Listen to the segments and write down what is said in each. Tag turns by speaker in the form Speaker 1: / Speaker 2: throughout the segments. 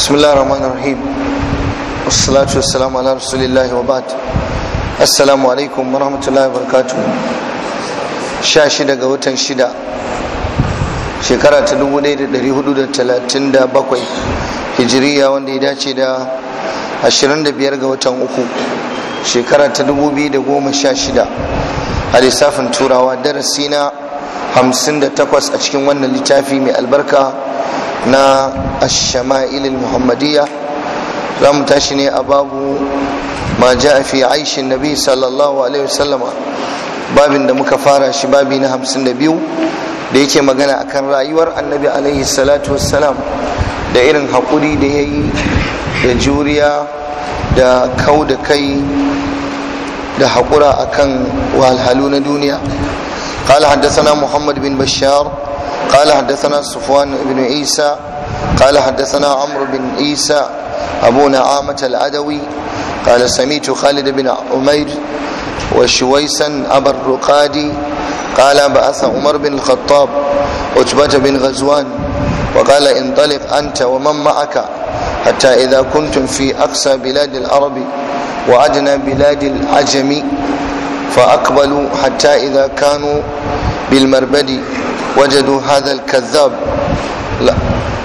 Speaker 1: Bismillahirrahmanirrahim. Wassalatu wassalamu ala Rasulillahi wa ta 1437 Hijriya wanda ya dace da 25 ga watan 3 shekara ta 2016 a lissafin turawa darasi na 58 a cikin wannan littafi mai albarka na ashama'ilil muhammadiyya za mu tashi ne a babu ma ja fi aishin nabi sallallahu alaihi wasallama babin da muka fara shi babi na 52 da yake magana akan rayuwar annabi alaihi salatu wassalam da irin haƙuri da ya yi da juriya da kau da kai da haƙura akan wahalhalu na duniya قال حدثنا محمد بن بشار قال حدثنا صفوان بن عيسى قال حدثنا عمرو بن عيسى أبو نعامة العدوي قال سميت خالد بن عمير وشويسا أبا الرقادي قال بعث عمر بن الخطاب عتبة بن غزوان وقال انطلق أنت ومن معك حتى إذا كنتم في أقصى بلاد العرب وأدنى بلاد العجم فأقبلوا حتى إذا كانوا بالمربد وجدوا هذا الكذاب لا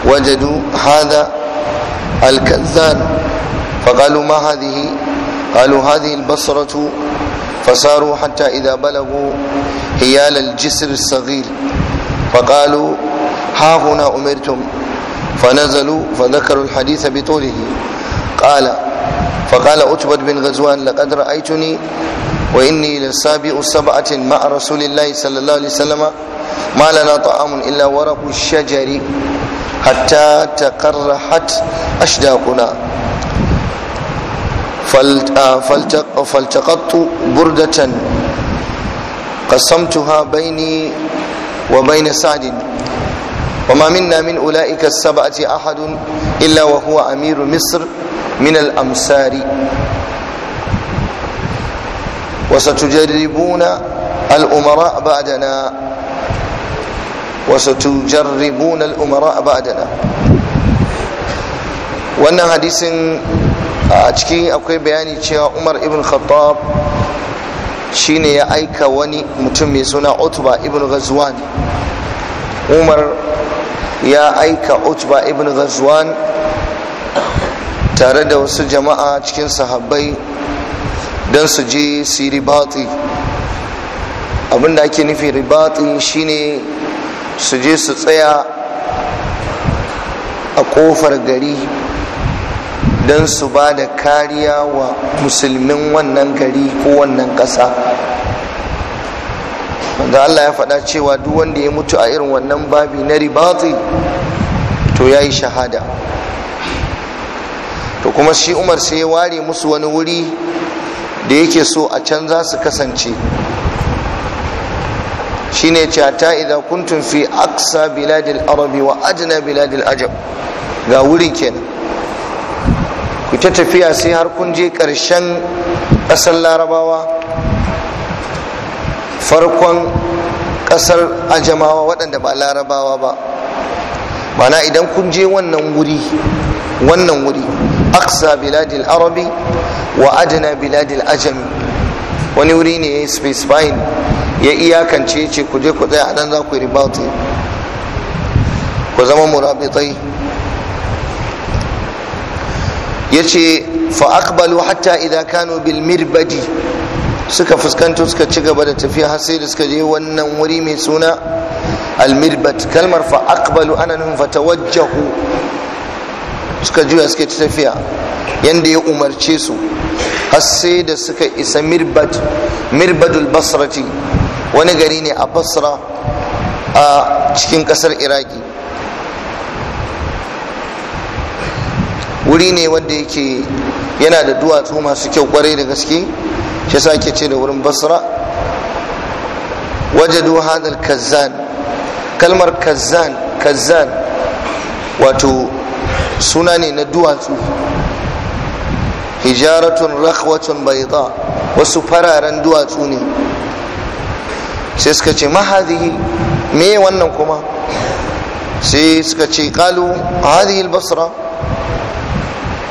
Speaker 1: وجدوا هذا الكذاب فقالوا ما هذه قالوا هذه البصرة فساروا حتى إذا بلغوا هيال الجسر الصغير فقالوا ها هنا أمرتم فنزلوا فذكروا الحديث بطوله قال فقال عتبة بن غزوان لقد رأيتني وإني لسابع سبعة مع رسول الله صلى الله عليه وسلم ما لنا طعام إلا ورق الشجر حتى تقرحت أشداقنا فالتقطت بردة قسمتها بيني وبين سعد وما منا من أولئك السبعة أحد إلا وهو أمير مصر من الأمسار وستجربون الأمراء بعدنا وستجربون الأمراء بعدنا wannan hadisin a ciki akwai bayani cewa umar ibn khattab shine ya aika wani mutum mai suna utba ibn ghazwan umar ya aika utba ibn ghazwan tare da wasu jama'a cikin sahabbai don su je su yi ribati abinda ake nufi ribati shine su je su tsaya a kofar gari don su ba da kariya wa musulmin wannan gari ko wannan ƙasa wanda Allah ya faɗa cewa duk wanda ya mutu a irin wannan babi na ribati to ya yi shahada to kuma shi umar sai ya ware musu wani wuri da yake so a can za su kasance shine ce ta idan kuntun fi aksa biladil arabi wa ajina biladil ajab ga wuri kenan ku ta tafiya sai har kun je ƙarshen ƙasar larabawa farkon ƙasar ajamawa waɗanda ba larabawa ba mana idan kun je wannan wuri wannan wuri aqsa biladil arabi wa adana biladil wani wuri ne ya specifying ya iyakance ce ku je ku tsaya nan za ku yi ku zama murabitai ya ce fa'akbalu hatta idan kano bil mirbadi suka fuskanta suka ci gaba da tafiya har sai da suka je wannan wuri mai suna almirbat kalmar fa'akbalu ana nufin fatawajjahu suka juya suka ci tafiya yanda ya umarce su har sai da suka isa mirbad mirbadul basrati wani gari ne a basra a cikin kasar iraki wuri ne wanda yake yana da duwatsu masu kyau kwarai da gaske shi sa ake ce da wurin basra wajadu hadal kazzan kalmar kazzan kazzan wato suna ne na duwatsu hijaratun rakhwatun baita wasu fararen duwatsu ne sai suka ce mahadihi me wannan kuma sai suka ce kalu hadihi basra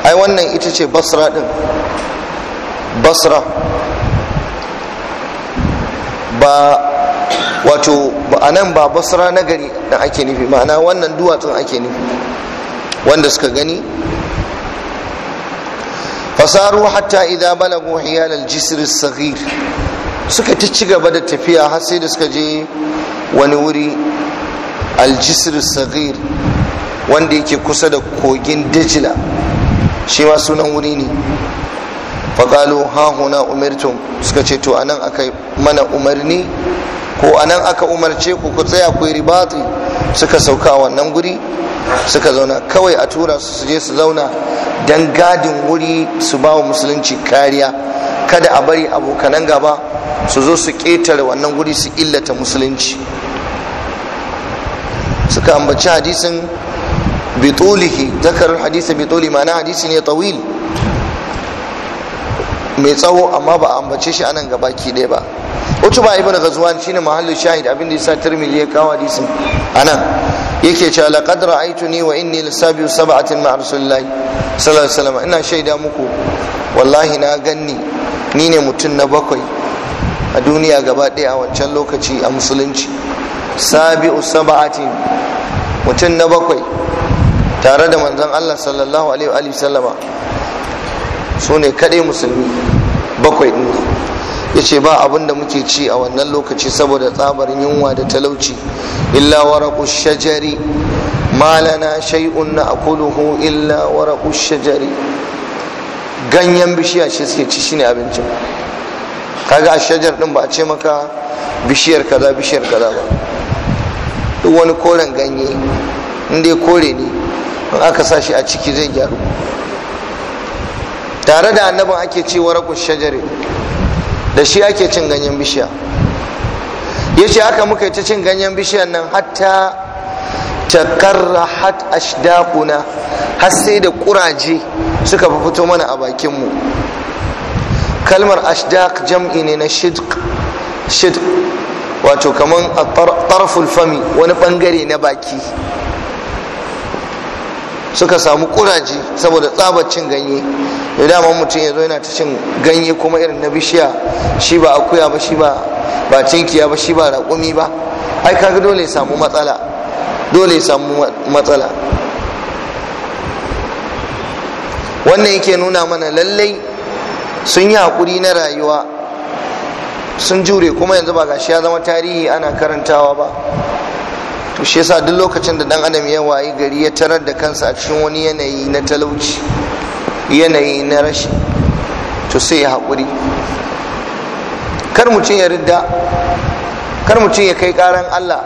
Speaker 1: ai wannan ita ce basra din basra ba wato ba anan ba basra nagari gari da ake nufi ma'ana wannan duwatsun ake nufi wanda suka gani fasaru hatta idan balagu hiyal al-jisr as suka ta ci gaba da tafiya har sai da suka je wani wuri al as-saghir wanda yake kusa da kogin Dajila shi ma sunan wuri ne faƙalo hahuna umartum suka ce to anan aka mana umarni ko anan aka umarce ku ku tsaya ku yi ribati suka sauka a wannan guri suka zauna kawai a tura su su su zauna don gadin wuri su ba wa musulunci kariya kada a bari abokanan gaba su zo su ƙetare wannan guri su illata musulunci suka ambaci hadisin bitulihi zakar hadisa bituli ma'ana hadisi ne tawili mai tsawo amma ba a ambace shi anan gaba ki ɗaya ba wacce ba ibn ghazwan shine mahallu shahid abin da yasa tirmidhi ya kawo hadisi anan yake cewa laqad ra'aytuni wa inni lasabiu sab'atin ma rasulillahi sallallahu alaihi wasallam ina shaida muku wallahi na ganni ni ne mutum na bakwai a duniya gaba ɗaya a wancan lokaci a musulunci sabi'u sab'atin mutum na bakwai tare da manzon Allah sallallahu alaihi wa sallama su ne kaɗai musulmi bakwai ɗin ya ce ba abin da muke ci a wannan lokaci saboda tsabar yunwa da talauci illa waraku shajari malana shay'un na akuluhu illa waraku shajari ganyen bishiya shi suke ci shine abincin kaga a shajar din ba a ce maka bishiyar kaza bishiyar kaza ba duk wani koren ganye in dai kore ne in aka sashi a ciki zai gyaru tare da annabin ake ci waraku shajare da shi ake cin ganyen bishiya ya ce haka muka ta cin ganyen bishiyar nan hatta ta karra hat ashdaquna har sai da kuraje suka fi fito mana a bakinmu kalmar ashdaq jam'i ne na shidq shidq wato kaman a tarful fami wani bangare na baki suka samu kuraji saboda tsabar cin ganye da dama mutum ya zo yana ta cin ganye kuma irin na bishiya shi ba akuya ba shi ba ba cinkiya ba shi ba raƙumi ba ai kaga dole ya samu matsala dole ya samu matsala wannan yake nuna mana lallai sun yi hakuri na rayuwa sun jure kuma yanzu ba gashi ya zama tarihi ana karantawa ba to shi yasa duk lokacin da dan adam ya wayi gari ya tarar da kansa a cikin wani yanayi na talauci yanayi na rashi to sai ya haƙuri kar mutum ya ridda kar mutum ya kai ƙaran Allah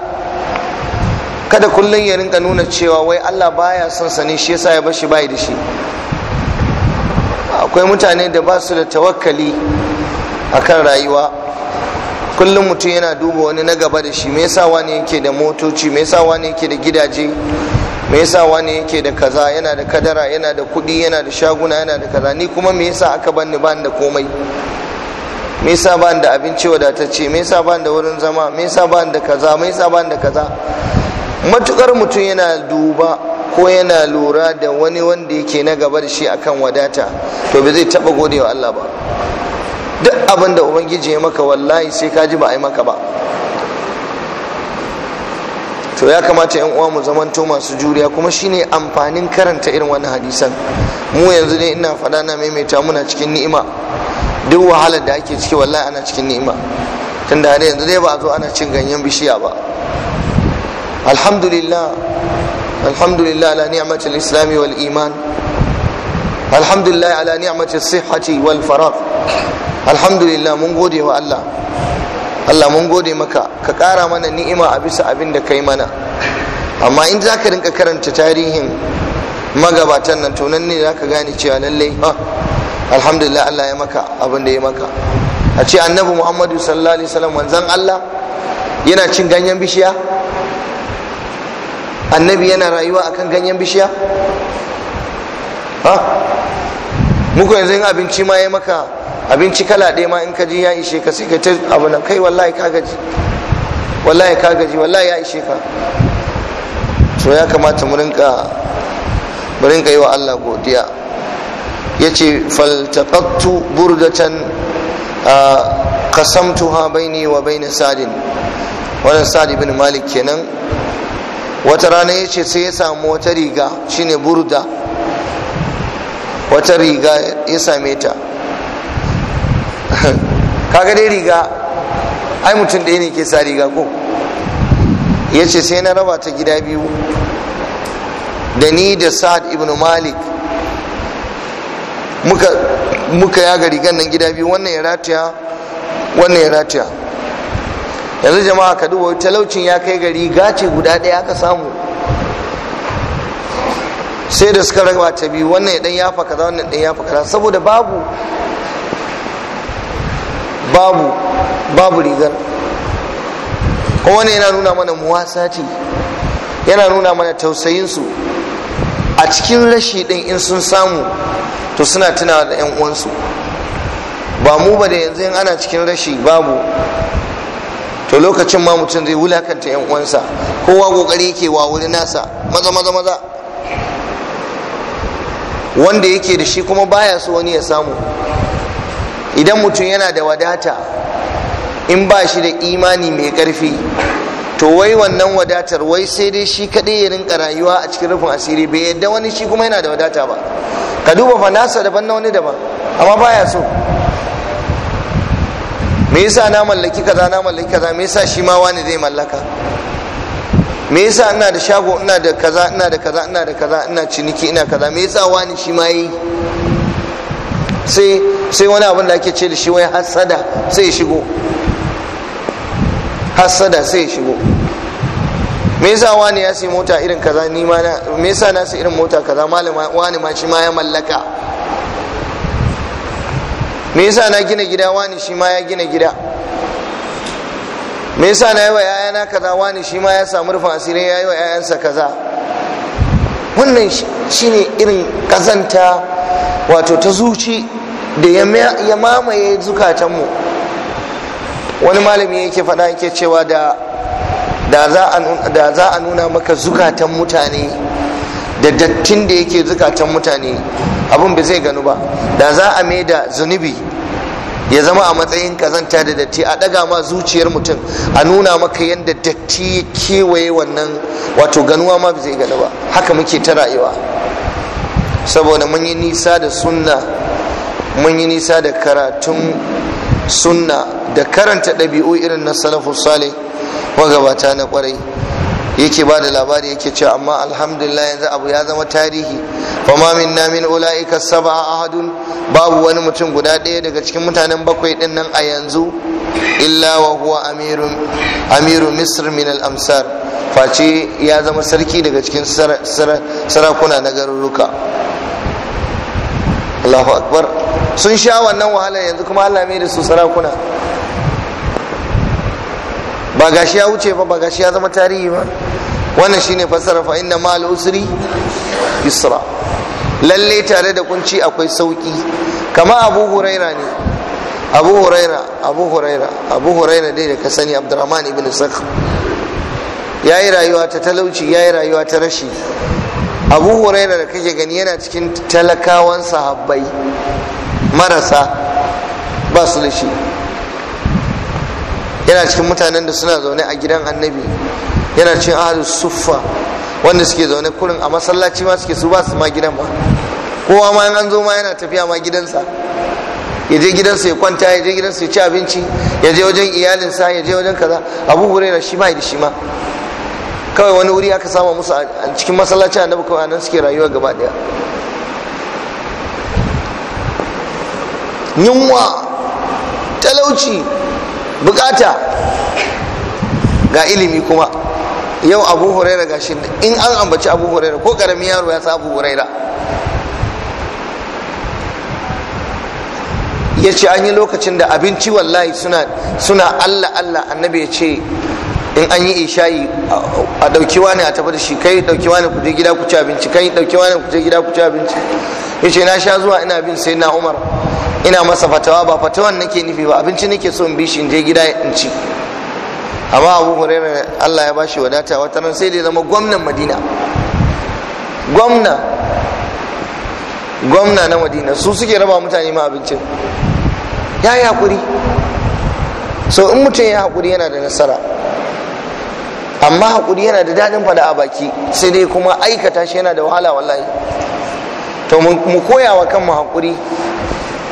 Speaker 1: kada kullum ya rinka nuna cewa wai Allah baya son sa ne shi yasa ya bashi bai da shi akwai mutane da ba su da tawakkali akan rayuwa kullum mutum yana duba wani na gaba da shi me yasa wani yake da motoci me yasa wani yake da gidaje me yasa wani yake da kaza yana da kadara yana da kuɗi yana da shaguna yana da kaza ni kuma me yasa aka banni ban da komai me yasa ban da abinci wadatacce me yasa ban da wurin zama me yasa ban da kaza me yasa ban da kaza matukar mutum yana duba ko yana lura da wani wanda yake na gaba da shi akan wadata to ba zai taba godewa Allah ba duk abin da ubangiji ya maka wallahi sai kaji ba a yi maka ba to ya kamata yan uwa mu zamanto masu juriya kuma shine amfanin karanta irin wannan hadisan mu yanzu ne ina faɗa na maimaita muna cikin ni'ima duk wahalar da ake ciki wallahi ana cikin ni'ima tunda har yanzu dai ba a zo ana cin ganyen bishiya ba alhamdulillah alhamdulillah ala ni'matil islami wal iman alhamdulillah ala ni'matis sihhati wal faragh alhamdulillah mun gode wa Allah Allah mun gode maka ka ƙara mana ni'ima a bisa abin da kai mana amma in za ka rinka karanta tarihin magabatan nan to ne za ka gane cewa lallai ah, alhamdulillah Allah ya maka abin da ya maka a ce annabi muhammadu sallallahu alaihi wasallam manzon Allah yana cin ganyen bishiya annabi yana rayuwa akan ganyen bishiya ha ah, muku yanzu yin abinci ma ya maka abinci kala ɗaya ma in ka ji ya ishe ka sai ka ta abu nan kai wallahi ka gaji wallahi ka gaji wallahi ya ishe ka To ya kamata mu rinka mu rinka yi wa Allah godiya yace faltaqattu burdatan qasamtuha baini wa bain sadin wannan sadi bin malik kenan wata rana yace sai ya samu wata riga shine burda wata riga ya same ta kaga dai riga ai mutum ɗaya ne ke sa riga ko ya ce sai na raba ta gida biyu da ni da sa'ad ibn malik muka yaga rigan nan gida biyu wannan ya rataya wannan ya rataya yanzu jama'a ka duba talaucin ya kai gari, gace guda ɗaya aka samu sai da suka raba ta biyu wannan ya dan yafa kaza wannan dan yafa kaza saboda babu babu babu rigar wani yana nuna mana muwasa ce yana nuna mana tausayinsu a cikin rashi ɗin in sun samu to suna tunawa da 'yan uwansu ba mu ba da yanzu in ana cikin rashi babu to lokacin ma mutum zai wulakanta 'yan uwansa kowa kokari yake wa wuri nasa maza maza maza wanda yake da shi kuma baya so wani ya samu idan mutum yana da wadata in ba shi da imani mai ƙarfi to wai wannan wadatar wai sai dai shi kaɗai ya rinka rayuwa a cikin rufin asiri bai yadda wani shi kuma yana da wadata ba ka duba fa nasa daban na wani daban amma baya so me yasa na mallaki kaza na mallaki kaza me yasa shi ma wani zai mallaka me yasa ina da shago ina da kaza ina da kaza ina da kaza ina ciniki ina kaza me yasa wani shi ma yi sai sai wani abin da ake ce da shi wai hasada sai ya shigo hasada sai ya shigo me yasa wani ya sai mota irin kaza ni ma na me yasa na sai irin mota kaza malama wani ma shi ma ya mallaka me yasa na gina gida wani shi ma ya gina gida me yasa na yi wa yayana kaza wani shi ma ya samu rufin asirin ya yi wa yayansa kaza wannan shine irin kazanta wato ta zuci da ya mamaye zukatanmu wani malami yake faɗa yake cewa da za a nuna maka zukatan mutane da dattin da yake zukatan mutane abin ba zai ganu ba da za a mai da zunubi ya zama a matsayin kazanta da datti a ɗaga ma zuciyar mutum a nuna maka yadda datti ya kewaye wannan wato ganuwa ma ba zai ganu ba haka muke ta rayuwa saboda mun yi nisa da sunna mun yi nisa da karatun sunna da karanta ɗabi'u irin na salafu sale magabata na kwarai yake ba da labari yake cewa amma alhamdulillah yanzu abu ya zama tarihi fa ma minna min ulaika sab'a ahadun babu wani mutum guda ɗaya daga cikin mutanen bakwai din nan a yanzu illa wa huwa amiru misr min al amsar face ya zama sarki daga cikin sarakuna na garuruka Allahu akbar sun sha wannan wahala yanzu kuma Allah mai da su sarakuna ba gashi ya wuce ba ba gashi ya zama tarihi ba wannan shine fassara fa inna mal usri yusra lalle tare da kunci akwai sauki kama abu huraira ne abu huraira abu huraira abu huraira dai da ka sani abdurrahman ibn sakh yayi rayuwa ta talauci yayi rayuwa ta rashi abu huraira da kake gani yana cikin talakawan sahabbai marasa ba su da shi yana cikin mutanen da suna zaune a gidan annabi yana cikin ahalus suffa wanda suke zaune kurin a masallaci ma suke su ba su ma gidan ba kowa ma an zo ma yana tafiya ma gidansa ya je gidansa ya kwanta ya je gidansa ya ci abinci ya je wajen iyalinsa ya je wajen kaza abu huraira shi ma da shi ma kawai wani wuri aka samu musu a cikin masallaci annabi kawai nan suke rayuwa gaba daya yunwa talauci bukata ga ilimi kuma yau abu huraira ga shi in an ambaci abu huraira ko karamin yaro ya sa abu huraira ya ce an yi lokacin da abinci wallahi suna allah allah annabi ya ce in an yi isha'i a dauki wani a tafi da shi kai dauki wani kuje gida ku ci abinci kai dauki wani kuje gida ku ci abinci yace na sha zuwa ina bin sai na Umar ina masa fatawa ba fatawan nake nufi ba abinci nake so in bi shi in je gida in ci amma Abu Hurairah Allah ya bashi wadata wata ran sai da zama gwamnan Madina gwamna gwamna na Madina su suke raba mutane ma abinci. ya yi hakuri so in mutum ya hakuri yana da nasara amma hakuri yana da daɗin fada a baki sai dai kuma aikata shi yana da wahala wallahi to mu koya wa kanmu hakuri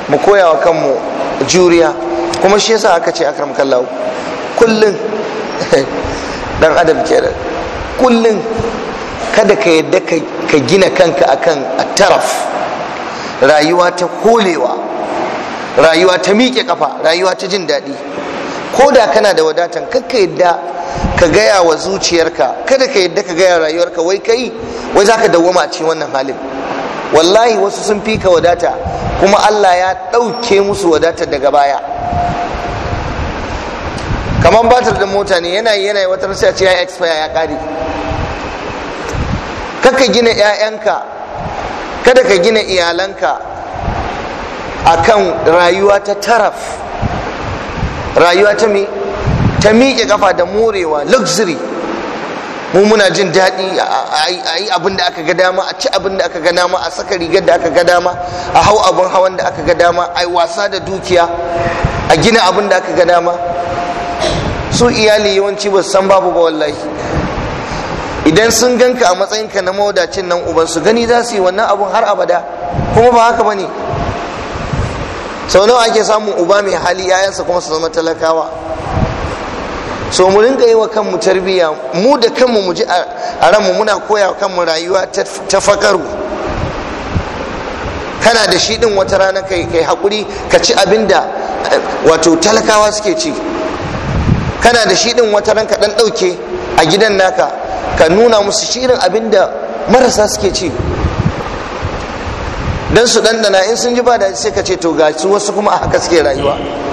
Speaker 1: mu koya wa kanmu juriya kuma shi yasa aka ce akram kallahu kullum dan adam kenan kullum kada ka yadda ka gina kanka akan taraf rayuwa ta kolewa rayuwa ta miƙe kafa rayuwa ta jin daɗi ko da kana da wadatan kakka yadda ka gaya wa zuciyarka kada ka yadda ka gaya rayuwarka wai kai wai za ka dawwama a cikin wannan halin wallahi wasu sun fi ka wadata kuma allah ya ɗauke musu wadata daga baya kamar batar da mota ne yana yana wata sai ce ya expire ya ƙare kaka gina 'ya'yanka kada ka gina iyalanka akan rayuwa ta taraf rayuwa ta me ta miƙe kafa da morewa luxury mu muna jin daɗi a yi abin da aka ga dama a ci abin da aka ga dama a saka rigar da aka ga dama a hau abin hawan da aka ga dama a yi wasa da dukiya a gina abin da aka ga dama su iyali yawanci ba san babu ba wallahi idan sun ganka a matsayin ka na mawadacin nan uban su gani za su yi wannan abun har abada kuma ba haka bane sau nawa ake samun uba mai hali yayansa kuma su zama talakawa so mu rinka yi wa kanmu tarbiyya mu da kanmu mu ji a ranmu muna koya wa kanmu rayuwa ta fakaru kana da shi din wata rana kai kai hakuri ka ci abin da wato talakawa suke ci kana da shi din wata ranka dan dauke a gidan naka ka nuna musu shirin abin da marasa suke ci dan su dandana in sun ji ba da sai ka ce to ga su wasu kuma a haka suke rayuwa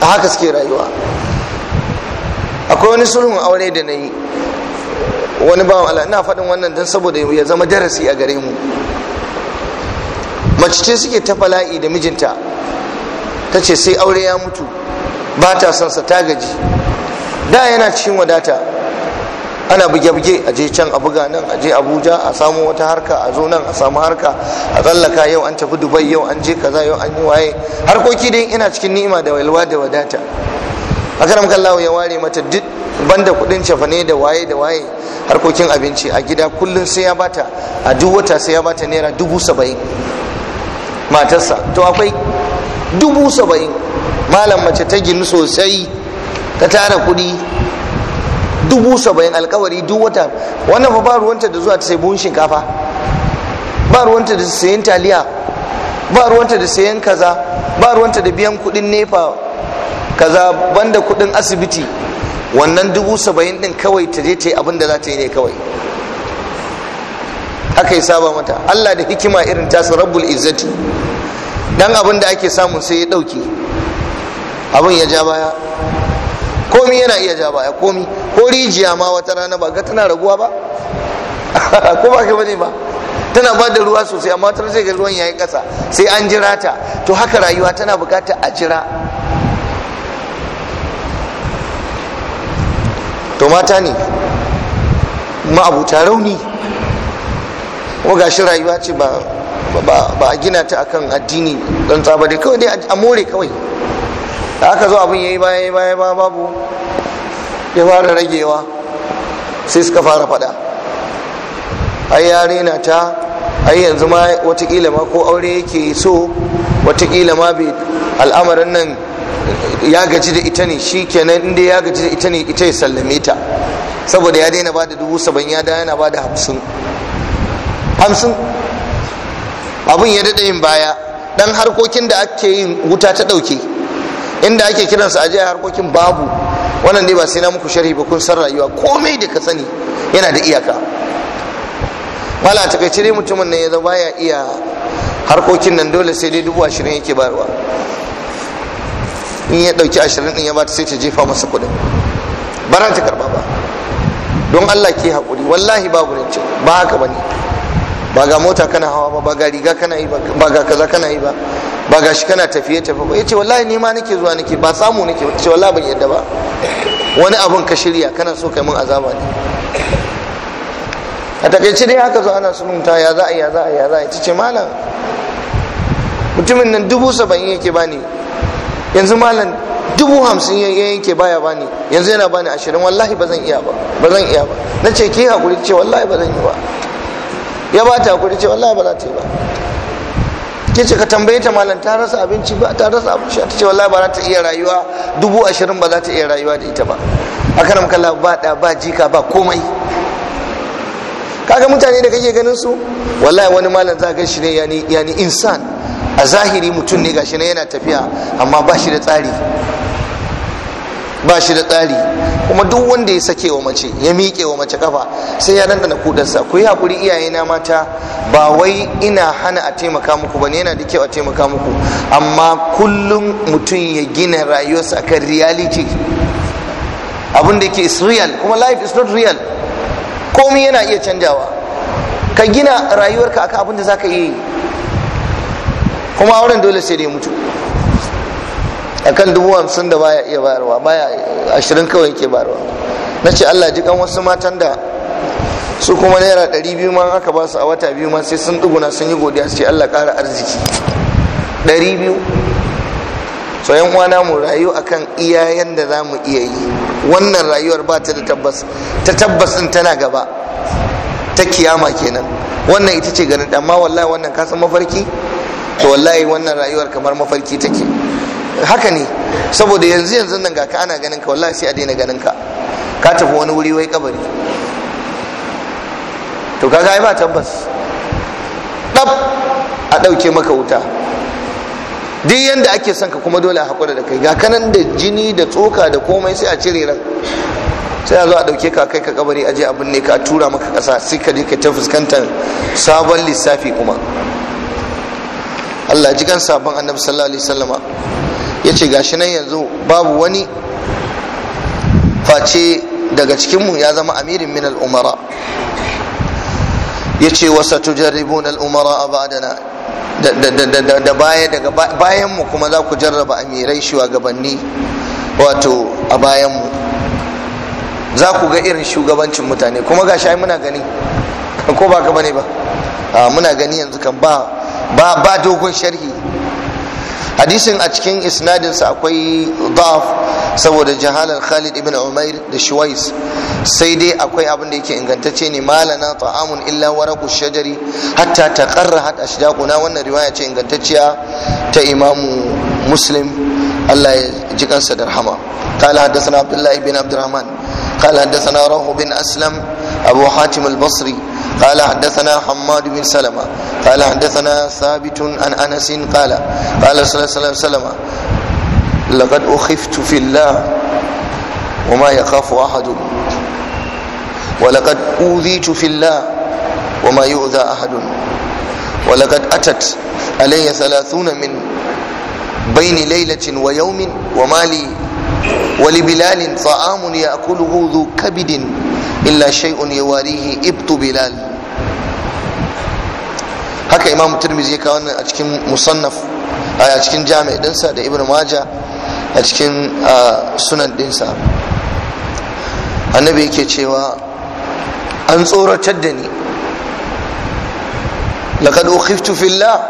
Speaker 1: a haka suke rayuwa akwai wani sulhun aure da na yi wani bawan Allah ina faɗin wannan don saboda ya zama darasi a gare mu mace ce suke ta fala'i da mijinta ta ce sai aure ya mutu ba ta son sa ta gaji da yana cikin wadata ana buge-buge a je can a buga nan a je abuja a samu wata harka a zo nan a samu harka a tsallaka yau an tafi dubai yau an je kaza yau an yi waye harkoki dai ina cikin ni'ima da walwa da wadata akaram kallahu ya ware mata duk banda kudin cefane da waye da waye harkokin abinci a gida kullum sai ya bata a duk wata sai ya bata naira dubu saba'in matarsa to akwai dubu saba'in malam mace ta gini sosai ta tara kudi dubu saba'in alkawari duk wata wannan fa ba ruwanta da zuwa ta sai buhun shinkafa ba ruwanta da sayan taliya ba ruwanta da sayan kaza ba ruwanta da biyan kudin nefa kaza banda kudin asibiti wannan dubu saba'in din kawai ta je ta yi abin da za ta yi ne kawai aka yi saba mata allah da hikima irin tasu rabbul izzati dan abin da ake samun sai ya dauke abin ya ja baya komi yana iya ja baya komi ko rijiya ma wata rana ba ga tana raguwa ba ko ba ka bane ba tana ba da ruwa sosai amma tana sai ga ruwan yayi kasa sai an jira ta to haka rayuwa tana bukata a jira to mata ne ma'abuta rauni ko gashi rayuwa ce ba ba a gina ta akan addini don tsaba dai kawai dai a more kawai da aka zo abin yayi baya baya ba babu ya fara ragewa sai suka fara fada ai yare na ta ai yanzu ma watakila ma ko aure yake so watakila ma bai al'amarin nan ya gaji da ita ne shi kenan inda ya gaji da ita ne ita ya sallame ta saboda ya daina ba da dubu saba'in ya da yana ba da hamsin hamsin abin ya daɗa yin baya ɗan harkokin da ake yin wuta ta ɗauke inda ake kiransu a jihar harkokin babu wannan ne ba sai na muku sharhi ba kun san rayuwa komai da ka sani yana da iyaka mala takaice dai mutumin nan ya zama baya iya harkokin nan dole sai dai dubu ashirin yake bayarwa in ya dauki ashirin din ya bata sai ta jefa masa kudin baran ta karba ba don allah ke haƙuri wallahi ba gurin ba haka ba ne ba ga mota kana hawa ba ba ga riga kana yi ba ga kaza kana yi ba ba ga shi kana tafiye tafi ba yace wallahi ni ma nake zuwa nake ba samu nake ba ce wallahi ban yadda ba wani abun ka shirya kana so kai mun azaba ne a takaice dai haka zo ana sununta ya za a ya za a ya za a ce malam mutumin nan dubu saba'in yake bani yanzu malam dubu hamsin yake baya bani yanzu yana bani ashirin wallahi ba zan iya ba ba zan iya ba na ce ke hakuri ce wallahi ba zan yi ba ya ba ta hakuri ce wallahi ba za ta yi ba ke ce ka tambaye ta malam ta rasa abinci ba ta rasa abinci ta ce wallahi ba za ta iya rayuwa dubu ashirin ba za ta iya rayuwa da ita ba a karam kalla ba da ba jika ba komai kaga mutane da kake ganin su wallahi wani malam za ga shi ne yani yani insan a zahiri mutum ne gashi ne yana tafiya amma ba shi da tsari ba shi da tsari kuma duk wanda ya sake wa mace ya miƙe wa mace kafa sai ya na kudarsa ku yi haƙuri iyayena mata ba wai ina hana a taimaka muku ba ne yana da kyau a taimaka muku amma kullum mutum ya gina rayuwarsa akan reality abin da yake is real kuma life is not real komai yana iya canjawa ka gina rayuwarka akan abin da zaka iya yi kuma auren dole sai dai mutu akan dubu hamsin da baya iya bayarwa baya ashirin kawai yake bayarwa na ce allah ji kan wasu matan da su kuma naira ɗari biyu ma aka ba su a wata biyu ma sai sun duguna sun yi godiya su ce allah ƙara arziki ɗari biyu so yan uwana mu rayu akan iyayen da za mu iya yi wannan rayuwar ba ta da tabbas ta tabbas din tana gaba ta kiyama kenan wannan ita ce ganin amma wallahi wannan kasan mafarki to wallahi wannan rayuwar kamar mafarki take haka ne saboda yanzu yanzu nan ga ka ana ganin ka wallahi sai a daina ganin ka ka tafi wani wuri wai kabari to kaga ai ba tabbas dab a ɗauke maka wuta duk yanda ake son ka kuma dole a haƙura da kai ga kanan da jini da tsoka da komai sai a cire ran sai a zo a ɗauke ka kai ka kabari aje abin ne ka tura maka ƙasa sai ka je ka ta fuskantar sabon lissafi kuma Allah ji kan sabon annabi sallallahu alaihi wasallama ya ce gashi nan yanzu babu wani face daga cikinmu ya zama amirin min al'umara ya ce wasa tujarribun al'umara a badana da bayanmu kuma za ku jarraba amirai shugabanni wato a bayanmu za ku ga irin shugabancin mutane kuma ga shayi muna gani ko ba ka bane ba ah, muna gani yanzu kan ba dogon sharhi hadisin a cikin isnadinsa akwai daf saboda jahalar khalid ibn umair da shuwais sai dai akwai abin da yake ingantacce ne malana ta'amun illa waraku shajari hatta shi ashdaquna wannan riwaya ce ingantacciya ta imamu muslim Allah ya ji kansa da rahama قال حدثنا عبد الله بن عبد الرحمن قال حدثنا روح بن أسلم hatim حاتم البصري قال حدثنا حماد بن سلمة قال حدثنا ثابت عن أنس قال قال صلى الله عليه وسلم لقد أخفت في الله وما يخاف أحد ولقد أوذيت في الله وما يؤذى أحد ولقد أتت علي ثلاثون من بين ليلة ويوم وما لي ولبلال طعام يأكله ذو كبد إلا شيء يواريه إبط بلال haka imam turmizi ya a cikin musannaf a cikin jami'a dinsa da ibn a cikin sunan dinsa annabi yake cewa an tsoratar da ni laqad ukhiftu fillah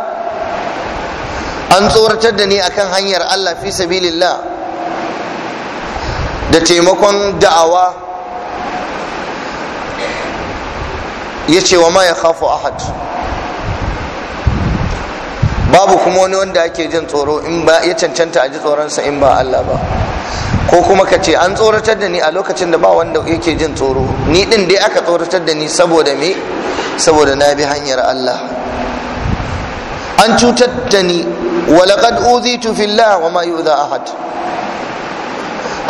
Speaker 1: an tsoratar da ni akan hanyar Allah fi sabilillah da taimakon da'awa ya ce wa ma ya khafu ahad babu kuma wani wanda ake jin tsoro in ba ya cancanta a ji tsoronsa in ba Allah ba ko kuma ka ce an tsoratar da ni a lokacin da ba wanda yake jin tsoro ni din dai aka tsoratar da ni saboda me saboda na bi hanyar Allah an cutar da ni wa laqad uzitu fillah wa ma yu'za ahad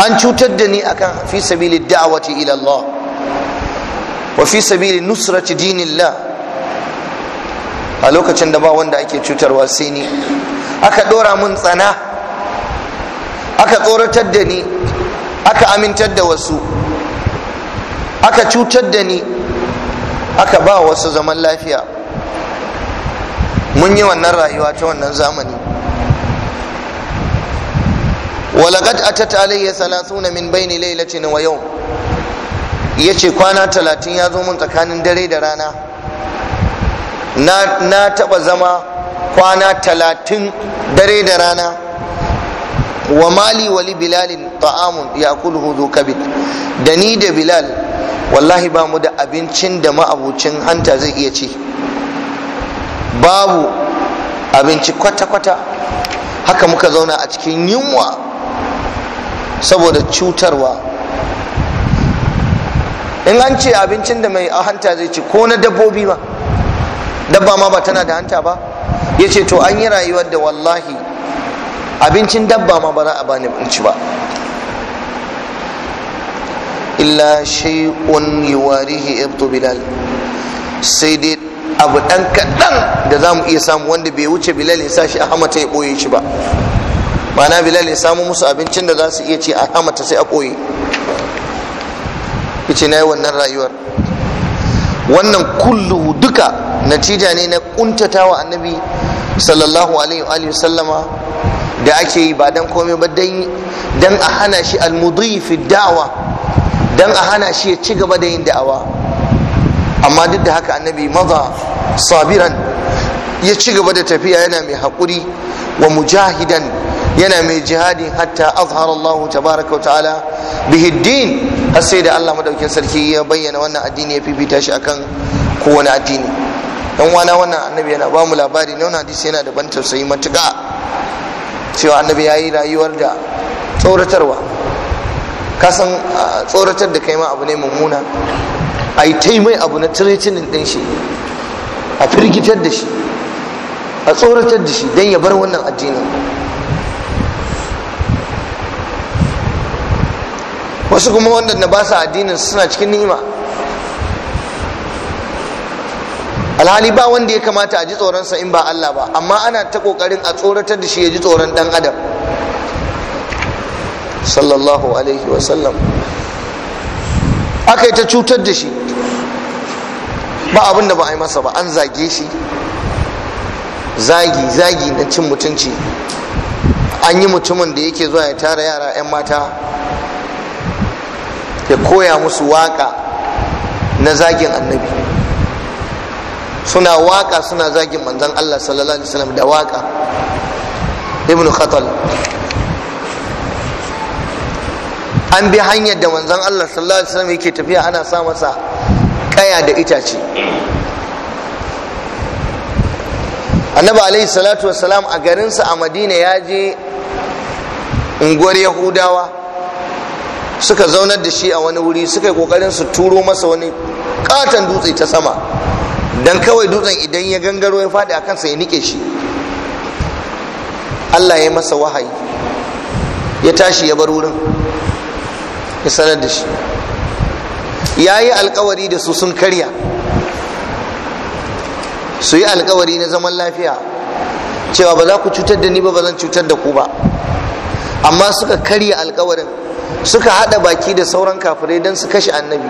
Speaker 1: an cutar da ni akan fi sabili da'awati ila Allah wa fi sabili nusrati dinillah a lokacin da ba wanda ake cutarwa sai ni aka dora mun tsana aka tsoratar da ni aka amintar da wasu aka cutar da ni aka ba wasu zaman lafiya mun yi wannan rayuwa ta wannan zamani walagat atat alayya salasuna min bayni laylatin wa yawm yace kwana talatin ya zo mun tsakanin dare da rana na taba zama kwana talatin dare da rana wa mali wali bilalin ta'amun ya kulhu zo kabid da ni da bilal wallahi ba mu da abincin da ma'abucin hanta zai iya ci babu abinci kwata-kwata haka muka zauna a cikin yunwa saboda cutarwa in an ce abincin da mai hanta zai ci ko na dabbobi ba dabba ma ba tana da hanta ba ya ce to an yi rayuwar da wallahi abincin dabba ma ba za a bani in ba illa shay'un yuwarihi ibtu bilal sai dai abu dan kadan da za mu iya samu wanda bai wuce bilal ya sa shi a hamata ya ɓoye shi ba mana bilal ya samu musu abincin da za su iya ci a hamata sai a koyi yace na yi wannan rayuwar wannan kulluhu duka natija ne na ƙuntatawa annabi sallallahu alaihi wa sallama da ake yi ba dan komai ba dan a hana shi almudi fi da'wa dan a hana shi ya ci gaba da yin da'awa amma duk da haka annabi maza sabiran ya ci gaba da tafiya yana mai haƙuri wa mujahidan yana mai jihadi hatta azhar Allah tabaraka wa ta'ala bihi din har sai da Allah madaukin sarki ya bayyana wannan addini ya fifita shi akan kowane addini dan wana wannan annabi yana ba mu labari ne wannan hadisi yana da ban tausayi matuƙa cewa annabi yayi rayuwar da tsoratarwa kasan tsoratar da kai ma abu ne mummuna a yi taimai abu na tiritinin ɗin shi a firgitar da shi a tsoratar da shi don ya bar wannan addinin wasu kuma waɗanda ba su addinin suna cikin ni'ima alhali ba wanda ya kamata a ji tsoronsa in ba Allah ba amma ana ta kokarin a tsoratar da shi ya ji tsoron dan adam sallallahu alaihi wasallam aka yi ta cutar da shi ba abin da ba a yi masa ba an zage shi zagi zagi na cin mutunci an yi mutumin da yake zuwa ya tara yara 'yan mata ya koya musu waka na zagin annabi suna waka suna zagin manzan Allah sallallahu alaihi wasallam da waka ibn khatal an bi hanyar da manzan Allah sallallahu alaihi wasallam yake tafiya ana sa masa kaya da itace annabi alaihi salatu wassalam a garinsa a madina ya je unguwar yahudawa suka zaunar da shi a wani wuri suka yi kokarin su turo masa wani katon dutse ta sama dan kawai dutsen idan ya gangaro ya faɗi a kansa ya nike shi Allah ya masa wahayi ya tashi ya bar wurin ya sanar da shi ya yi alkawari da su sun karya su yi alkawari na zaman lafiya cewa ba za ku cutar da ni ba ba zan cutar da ku ba amma suka karya alkawarin suka hada baki da sauran kafirai don su kashe annabi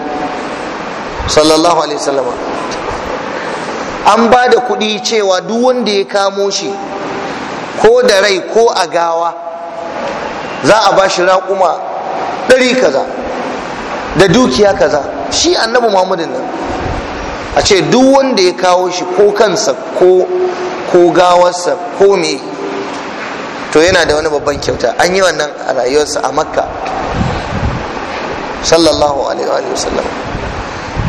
Speaker 1: sallallahu alaihi wasallam an ba da kuɗi cewa duk wanda ya kamo shi ko da rai ko a gawa za a ba shi raƙuma ɗari kaza da dukiya kaza shi annabi muhammadin nan a ce duk wanda ya kawo shi ko kansa ko ko gawarsa ko me to yana da wani babban kyauta an yi wannan a rayuwarsa a makka sallallahu alaihi wasallam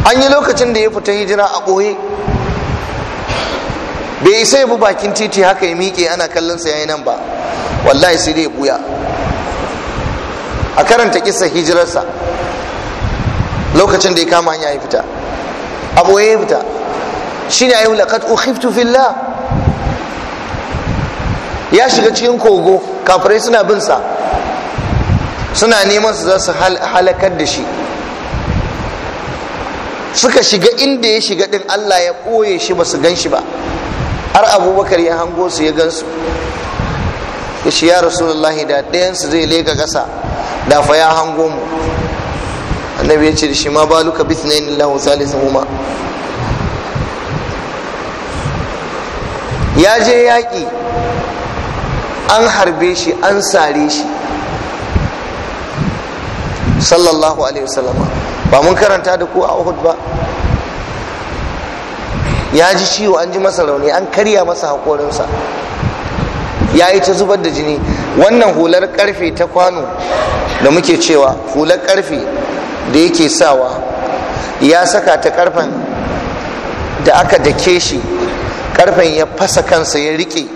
Speaker 1: an yi lokacin da ya fita hijira a ɓoye bai isa ya bi bakin titi haka ya miƙe ana kallon sa yayi nan ba wallahi sai dai ya buya a karanta kisa hijirarsa lokacin da ya kama hanya ya fita a ɓoye ya fita a ayi laqad ukhiftu fillah ya shiga cikin kogo kafirai suna bin sa suna neman su za su halakar da shi suka shiga inda ya shiga din Allah ya ɓoye shi ba su gan shi ba har abubakar ya hango su ya su ya shi ya rasulullahi da ɗayansu zai leka ƙasa da fa ya hango mu annabi ya ce da shi ma baluka bisnayin lahu salisu huma ya je yaƙi an harbe shi an sare shi sallallahu alaihi wasallam ba mun karanta da ku a Uhud ba ya ji ciwo an ji masa rauni an karya masa haƙorinsa ya yi ta zubar da jini wannan hular karfe ta kwano da muke cewa hular karfe da yake sawa ya saka ta karfen da aka dake shi karfen ya fasa kansa ya rike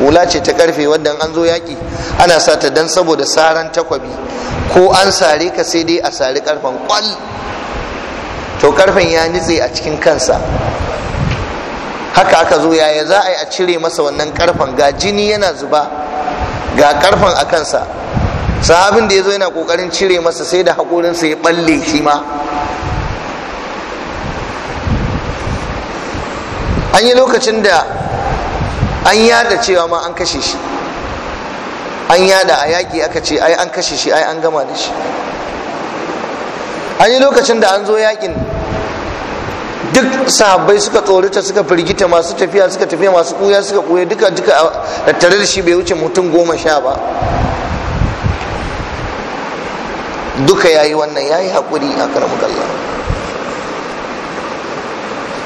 Speaker 1: hula ce ta karfe wadda an zo yaƙi ana sa ta dan saboda saran takwabi ko an sare ka sai dai a sari karfen kwal to karfen ya nitse a cikin kansa haka aka zo yaya za a yi a cire masa wannan karfen ga jini yana zuba ga karfen a kansa sahabin da ya zo yana kokarin cire masa sai da haƙorinsa ya ɓalle shi ma an yi lokacin da an yada cewa ma an kashe shi an yada a yaƙi aka ce ai an kashe shi ai an gama da shi an yi lokacin da an zo yaƙin duk sahabbai suka tsorita suka firgita masu tafiya suka tafiya masu kuya suka kuya duka duka da tare da shi bai wuce mutum goma sha ba duka ya yi wannan ya yi haƙuri a karamakalla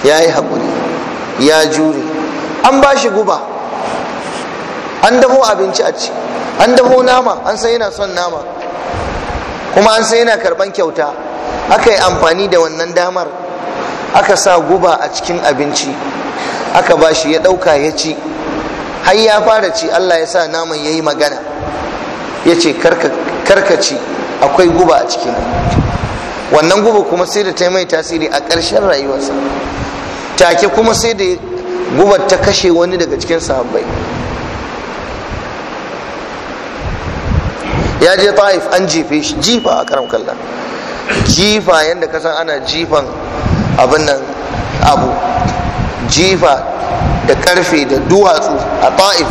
Speaker 1: ya yi haƙuri ya jure an ba shi guba an dafo abinci a ci an dafo nama an san yana son nama kuma an san yana karban kyauta aka yi amfani da wannan damar aka sa guba a cikin abinci aka ba shi ya ɗauka ya ci har ya fara ci allah ya sa naman ya yi magana ya ce karkaci akwai guba a cikin wannan guba kuma sai da ta mai tasiri a ƙarshen rayuwarsa take kuma sai da gubar ta kashe wani daga cikin sahabbai ya je ta'if an jefe shi jifa a karam kalla jifa yadda san ana jifan abin nan abu jifa da karfe da duwatsu a ta'if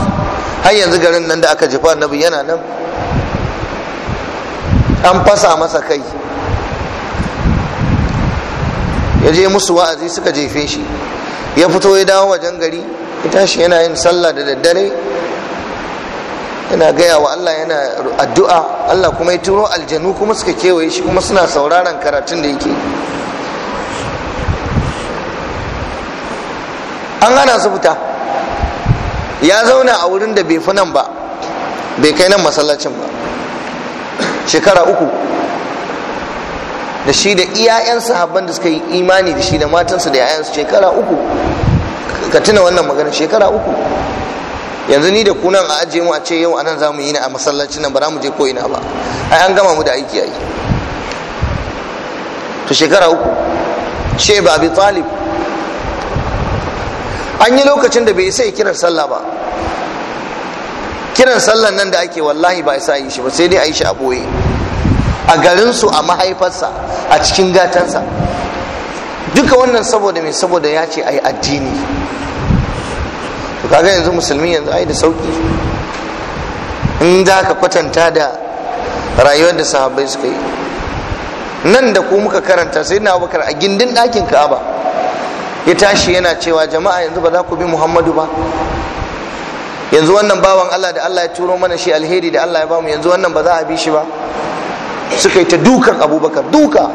Speaker 1: har yanzu garin nan da aka jefa annabi yana nan an fasa masa kai ya je musu wa'azi suka jefe shi ya fito ya dawo wajen gari ya tashi yana yin sallah da daddare yana gaya wa Allah yana addu'a Allah kuma ya turo aljanu kuma suka kewaye shi kuma suna sauraron karatun da yake an hana su fita ya zauna a wurin da bai fi nan ba bai kai nan masallacin ba shekara uku da shi da iyayen sahabban da suka yi imani da shi da matansa da yayansu shekara uku ka tuna wannan magana shekara uku yanzu ni da kunan a ajiye mu a ce yau anan zamu yi ne a masallacin nan ba mu je ko ina ba ai an gama mu da aiki yayi to shekara uku ce ba bi talib an yi lokacin da bai isa kiran sallah ba kiran sallan nan da ake wallahi ba isa yi shi ba sai dai a yi shi a boye a garinsu a mahaifarsa a cikin gatansa duka wannan saboda mai saboda ya ce a yi addini to kaga yanzu musulmi yanzu ai da sauki in za ka kwatanta da rayuwar da sahabbai suka yi nan da ku muka karanta sai na bakar a gindin ɗakin ka'aba ya tashi yana cewa jama'a yanzu ba za ku bi muhammadu ba yanzu wannan bawan allah da allah ya turo mana shi alheri da allah ya bamu yanzu wannan ba za a bi shi ba suka yi ta dukan abubakar duka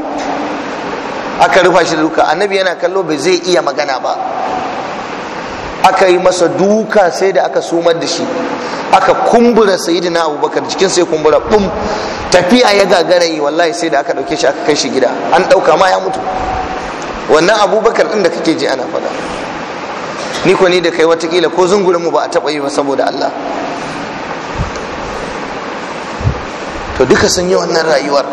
Speaker 1: aka rufa shi da duka annabi yana kallo bai zai iya magana ba aka yi masa duka sai da aka sumar da shi aka kumbura na abubakar cikin sai kumbura ɗum tafiya ya gagara yi wallahi sai da aka dauke shi aka kai shi gida an ɗauka ma ya mutu wannan abubakar ɗin da kake ji ana faɗa ni ko ni da kai watakila ko zungurinmu ba a taɓa yi ba saboda Allah to duka sun yi wannan rayuwar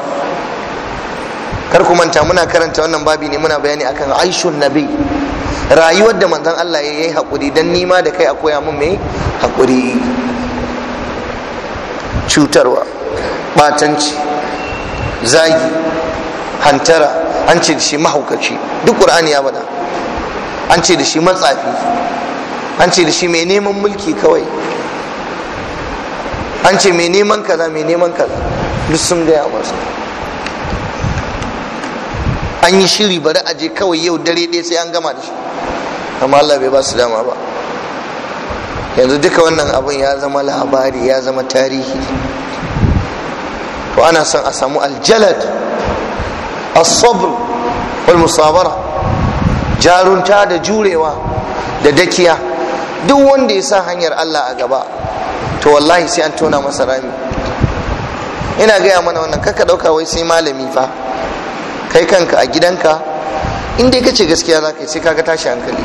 Speaker 1: kar ku manta muna karanta wannan babi ne muna bayani akan aishun nabi rayuwar da manzon Allah ya yi hakuri dan nima da kai a koya mun me hakuri cutarwa batanci zagi hantara an ce da shi mahaukaci duk ƙur'ani ya bada an ce da shi matsafi an ce da shi mai neman mulki kawai an ce mai neman kaza mai neman kaza duk sun gaya masa an yi shiri bari a je kawai yau dare ɗaya sai an gama da shi amma Allah bai ba su dama ba yanzu duka wannan abin ya zama labari ya zama tarihi to ana son a samu aljalad as-sabr wal musabara jarunta da jurewa da dakiya duk wanda ya sa hanyar Allah a gaba to wallahi sai an tona masa rami ina gaya mana wannan kaka dauka wai sai malami fa kai kanka a gidanka in dai kace gaskiya za ka yi sai kaga tashi hankali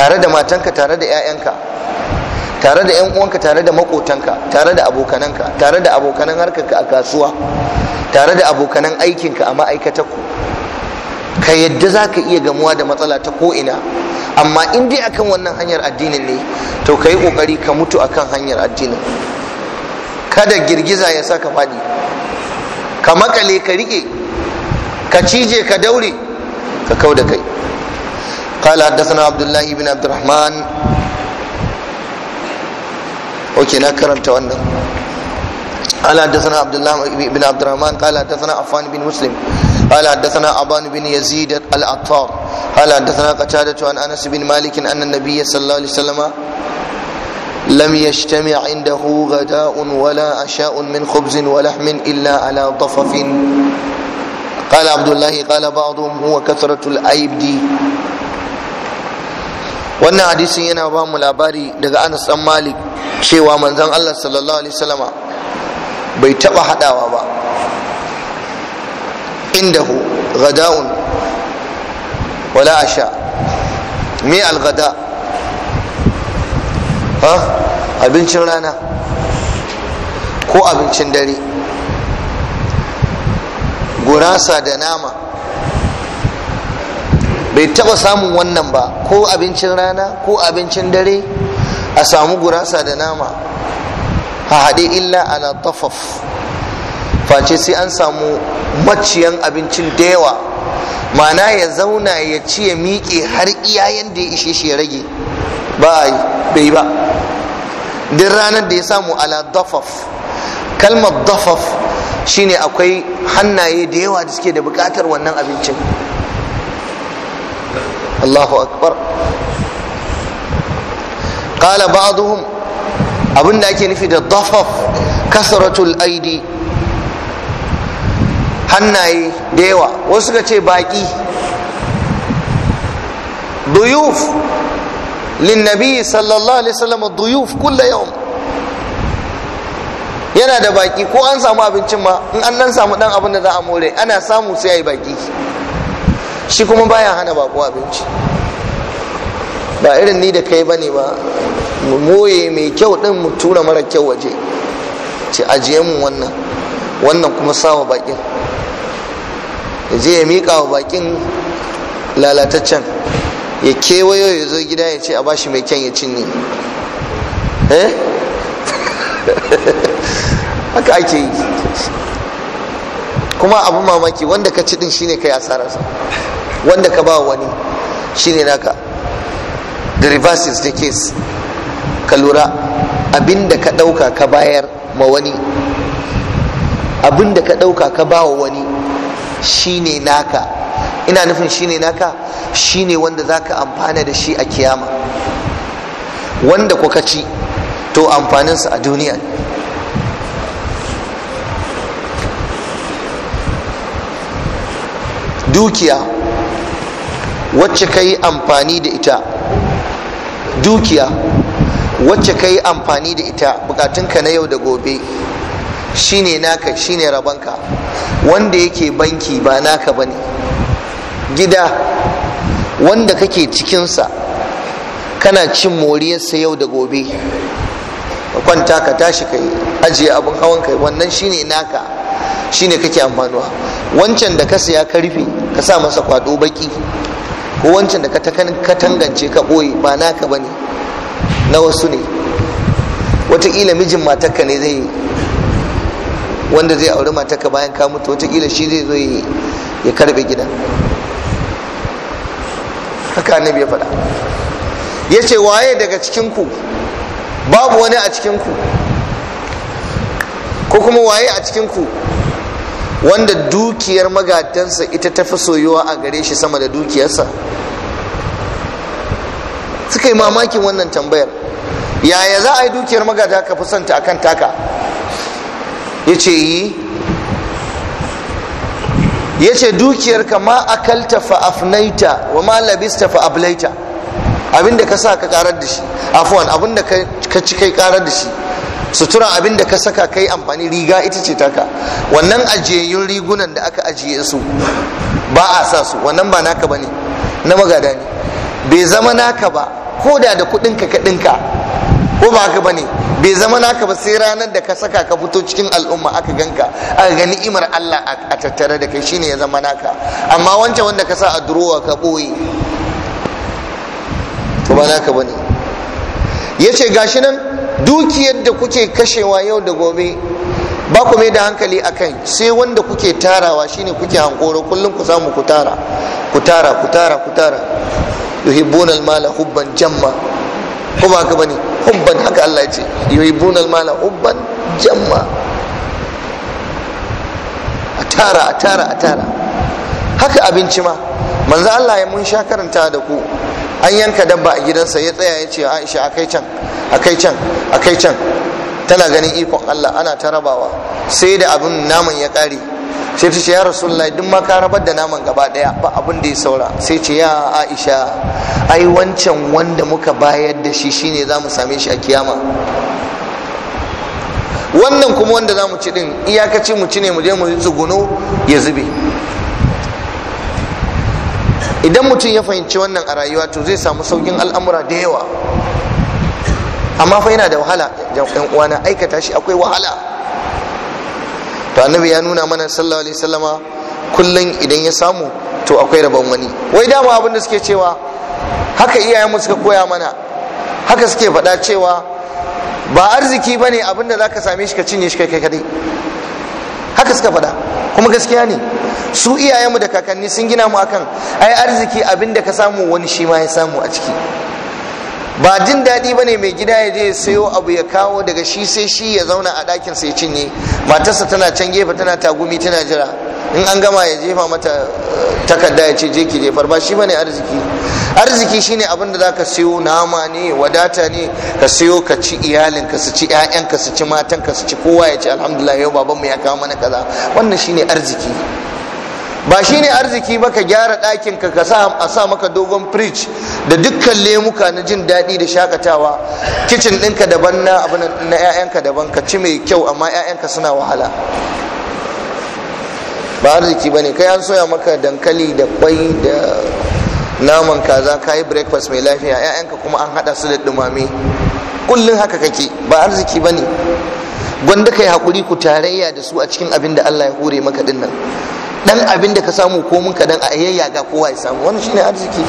Speaker 1: tare da matanka tare da 'ya'yanka tare da 'yan uwanka tare da makotanka tare da abokananka tare da abokanan harkarka a kasuwa tare da abokanan aikinka a ma'aikatarku ka yadda za ka iya gamuwa da matsala ta ko'ina amma in dai akan wannan hanyar addinin ne to ka yi ƙoƙari ka mutu akan hanyar addinin kada girgiza ya sa ka faɗi ka makale ka riƙe ka cije ka daure ka kau da kai قال حدثنا عبد Abdullahi bin عبد Ok na karanta wannan. وانا قال حدثنا عبد الله بن عبد الرحمن قال حدثنا عفان بن مسلم قال حدثنا عبان بن يزيد العطار قال حدثنا قتادة عن أنس بن مالك أن النبي صلى الله عليه وسلم لم يجتمع عنده غداء ولا عشاء من خبز ولحم إلا على ضفف قال عبد الله قال بعضهم هو كثرة الأيبد wannan hadisin yana ba mu labari daga Anas dan Malik cewa manzon Allah sallallahu alaihi wasallama bai taba hadawa ba indahu gada'un wala asha me algada ha abincin rana ko abincin dare gurasa da nama bai taba samun wannan ba ko abincin rana ko abincin dare a samu gurasa da nama a haɗe illa ala tafaf face sai an samu maciyan abincin da yawa mana ya zauna ya ci ya miƙe har iya yadda ya ishe shi ya rage ba bai ba duk ranar da ya samu ala dafaf kalmar dafaf shine akwai hannaye da yawa da suke da buƙatar wannan abincin Allahu akbar qala ba'dhum abinda ake nufi da dafaf kasratul aidi hannaye da yawa wasu suka ce baki duyuf linnabi sallallahu alaihi wasallam duyuf kulla yawm yana da baki ko an samu abincin ma in an dan samu dan abin da za a more ana samu sai ya baki shi kuma baya hana bako abinci ba irin ni da kai bane ba mu moye mai kyau din mu tura mara kyau waje ce ajiye mu wannan wannan kuma sawa bakin ya je ya miƙa wa bakin lalataccen ya kewayo ya zo gida ya ce a bashi mai kyan ya cinye eh haka ake yi kuma abu mamaki wanda ka ci din shine kai asararsa wanda ka ba wani shine naka the reverse is the case ka lura abinda ka ɗauka ka bayar ma wani abinda ka ɗauka ka ba wa wani shine naka ina nufin shine naka shine wanda zaka amfana da shi a kiyama wanda kuka ci to amfaninsa a duniya dukiya wacce ka yi amfani da ita dukiya wacce ka yi amfani da ita bukatunka na yau da gobe shine naka shine rabanka wanda yake banki ba naka bane gida wanda kake cikinsa kana cin moriyarsa yau da gobe ka kwanta ka tashi ka ajiye abin hawan kai wannan shine naka shine kake amfanuwa wancan da ka siya ka rufe ka sa masa kwado baki ko wancan da ka tangance ka ɓoye ba naka bane na wasu ne wataƙila mijin matarka ne zai wanda zai auri ka bayan ka mutu wataƙila shi zai zo ya karbe gidan haka annabi ya faɗa ya ce waye daga cikinku babu wani a cikinku ko kuma waye a cikinku wanda dukiyar magatansa ita ta fi soyuwa a gare shi sama da dukiyarsa suka yi mamakin wannan tambayar yaya za a yi dukiyar magata ka fi santa akan taka ya ce yi ya ce ka ma akalta fa'afnaita wa ma labista fa'ablaita abinda ka sa ka karar da shi afuwan abinda ka ci kai karar da shi sutura abinda ka saka kai amfani riga ita ce taka wannan ajiyayyun rigunan da aka ajiye su ba a sa su wannan ba naka ba ne na magada ne bai zama naka ba ko da da kudinka ka dinka ko ba haka bane bai zama naka ba sai ranar da ka saka ka fito cikin al'umma aka ganka aka ga ni'imar Allah a tattare da kai shine ya zama naka amma wancan wanda ka sa a durowa ka boye to ba naka bane yace gashi nan dukiyar da kuke kashewa yau da gobe ba ku mai da hankali a kai sai wanda kuke tarawa shine kuke hankoro kullum ku samu ku tara ku tara ku tara ku tara yuhibbuna al-mala hubban jamma ko ba ka bane hubban haka Allah ya ce bunal mala hubban jamma a tara a tara a tara haka abinci ma manzo Allah ya mun sha karanta da ku an yanka dabba a gidansa ya tsaya ya ce Aisha akai can akai can akai can tana ganin ikon Allah ana ta rabawa sai da abin naman ya kare sai ta ce ya rasulullahi duk ma ka rabar da naman gaba daya ba abin da ya saura sai ce ya aisha ai wancan wanda muka bayar da shi shine za mu same shi a kiyama wannan kuma wanda za mu ci din iyakaci mu ci ne mu je mu tsuguno ya zube idan mutum ya fahimci wannan a rayuwa to zai samu saukin al'amura da yawa amma fa yana da wahala yan uwana aikata shi akwai wahala to annabi ya nuna mana sallallahu alaihi wasallama kullun idan ya samu to akwai rabon wani wai dama abin da suke cewa haka iyayenmu suka koya mana haka suke faɗa cewa ba arziki ba ne abin da za ka same shi ka cinye shi kai kadai haka suka faɗa kuma gaskiya ne su iyayenmu da kakanni sun gina mu akan ai arziki abin da ka samu wani shi ma ya samu a ciki ba jin daɗi ba ne mai gida ya je ya sayo abu ya kawo daga shi sai shi ya zauna a ɗakin sai cinye matarsa tana can gefe tana tagumi tana jira in an gama ya jefa mata eh, takarda ya ce je ki jefar ba shi ba ne arziki arziki ne abin da ka siyo nama ne wadata ne ka sayo ka ci iyalin ka su ci ƴaƴan ka su ci matan ka su ci kowa ya ce alhamdulillah yau baban mu ya kawo mana kaza wannan shi ne arziki ba shi ne arziki ba ka gyara ɗakin ka a sa maka dogon fridge da dukkan lemuka na jin daɗi da shakatawa kicin ɗinka daban na abin na 'ya'yanka daban ka ci mai kyau amma 'ya'yanka suna wahala ba arziki ba ne kai an soya maka dankali da kwai da naman kaza ka yi breakfast mai lafiya 'ya'yanka kuma an haɗa su da ɗumame kullum haka kake ba arziki ba ne gwanda kai haƙuri ku tarayya da su a cikin abin da allah ya hure maka ɗin dan abin da ka samu ko mun kadan a yayyaga kowa ya samu wannan shine arziki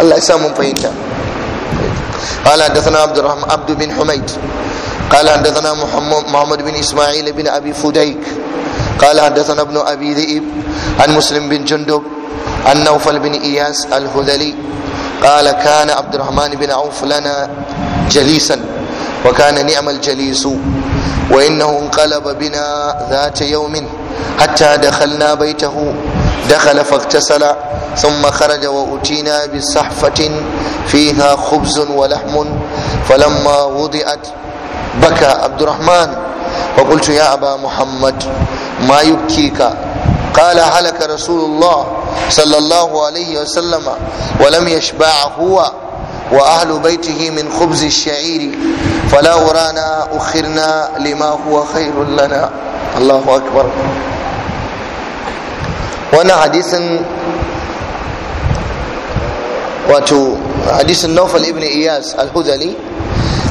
Speaker 1: Allah ya sa mun fahimta قال حدثنا عبد الرحمن عبد بن حميد قال حدثنا محمد بن اسماعيل بن ابي فديك قال حدثنا ابن ابي ذئب عن مسلم بن جندب عن نوفل بن اياس الهذلي قال كان عبد الرحمن بن عوف لنا جليسا وكان نعم الجليس وإنه انقلب بنا ذات يوم حتى دخلنا بيته دخل فاغتسل ثم خرج وأتينا بصحفة فيها خبز ولحم فلما وضعت بكى عبد الرحمن فقلت يا أبا محمد ما يبكيك قال هلك رسول الله صلى الله عليه وسلم ولم يشبع هو وأهل بيته من خبز الشعير فلا ورانا أخرنا لما هو خير لنا الله أكبر وانا حديث واتو حديث النوفل ابن إياس الهذلي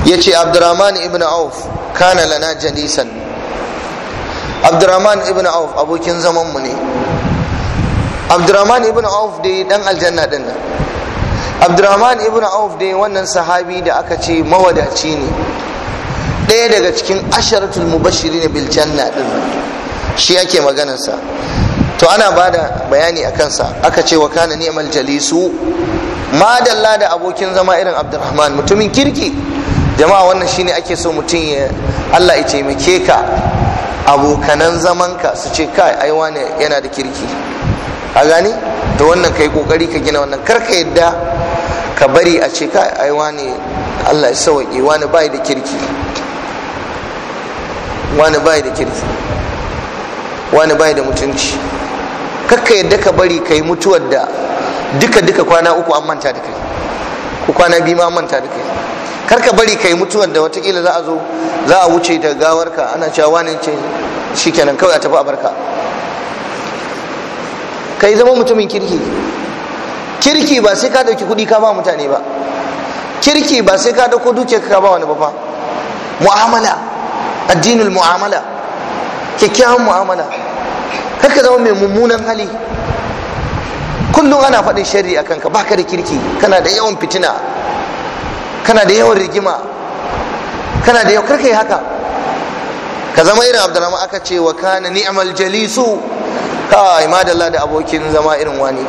Speaker 1: يتي عبد الرحمن ابن عوف كان لنا جليسا عبد الرحمن ابن عوف أبو كنزمان مني عبد الرحمن ابن عوف دي دن الجنة دنه abdurrahman ibn auf dai wannan sahabi da aka ce mawadaci ne ɗaya daga cikin asharatul mubashiri na biljanna din shi yake maganarsa to ana ba da bayani a kansa aka ce wa kana ni'mal jalisu dalla da abokin zama irin abdurrahman mutumin kirki jama'a wannan shine ake so mutum ya allah ya taimake ka abokanan zamanka su ce kai ai wane yana da kirki a gani da wannan kai kokari ka gina wannan karka yadda ka bari a ce kai ai wani Allah ya sauke wani bai da kirki wani bai da kirki wani bai da mutunci kakka yadda ka bari ka yi mutuwar da duka duka kwana uku an manta da kai ko kwana biyu ma an manta da kai kar ka bari ka yi mutuwar da watakila za a zo za a wuce da gawarka ana cewa wani ce shikenan kawai a tafi a barka ka yi zama mutumin kirki kirki ba sai ka dauki kuɗi ka ba mutane ba kirki ba sai ka dauko dukiya ka ba wani ba fa mu'amala addinul mu'amala kyakkyawan mu'amala kar ka zama mai mummunan hali kullum ana faɗin sharri akan ka baka da kirki kana da yawan fitina kana da yawan rigima kana da yawan karka yi haka ka zama irin abdurrahman aka ce wa kana ni'mal jalisu kai madalla da abokin zama irin wani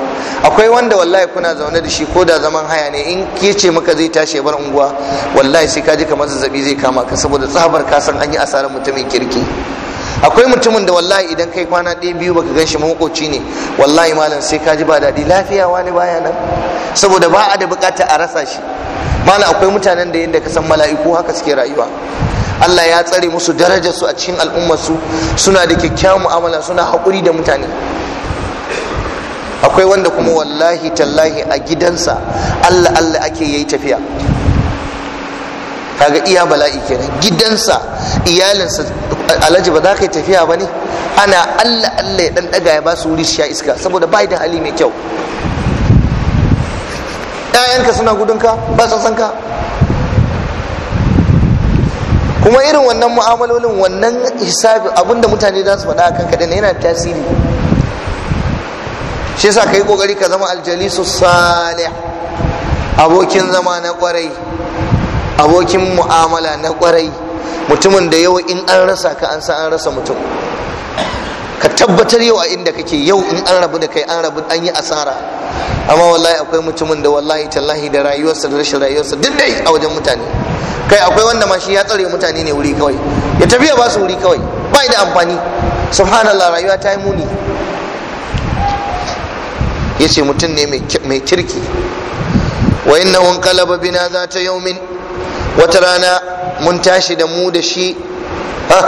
Speaker 1: akwai wanda wallahi kuna zaune da shi ko da zaman haya ne in ke ce maka zai tashi bar unguwa wallahi sai ka kamar zazzabi zai kama ka saboda tsabar ka san an yi asarar mutumin kirki akwai mutumin da wallahi idan kai kwana ɗaya biyu baka gan shi makoci ne wallahi malam sai ka ba daɗi lafiya wani baya nan saboda ba a da bukata a rasa shi malam akwai mutanen da yadda ka san mala'iku haka suke rayuwa Allah ya tsare musu darajarsu a cikin al'ummarsu suna da kyakkyawan mu'amala suna haƙuri da mutane akwai wanda kuma wallahi tallahi a gidansa Allah Allah ake yayi tafiya kaga iya bala'i kenan gidansa iyalinsa alhaji ba za ka yi tafiya ba ne ana Allah Allah ya dan daga ya ba su wuri sha iska saboda bai da hali mai kyau Ya'yanka suna gudunka ba san ka kuma irin wannan mu'amalolin wannan hisabi abinda mutane za su faɗa kanka ka yana tasiri shi yasa yi kokari ka zama aljalisu salih abokin zama na kwarai abokin mu'amala na kwarai mutumin da yau in an rasa ka an san an rasa mutum ka tabbatar yau a inda kake yau in an rabu da kai an rabu an yi asara amma wallahi akwai mutumin da wallahi tallahi da rayuwarsa da rashin rayuwarsa duk dai a wajen mutane kai akwai wanda ma shi ya tsare mutane ne wuri kawai ya tafiya ba su wuri kawai ba da amfani subhanallah rayuwa ta yi muni ya ce mutum ne mai kirki wa inna hun kalaba bina za ta yaumin wata rana mun tashi da mu da shi ah,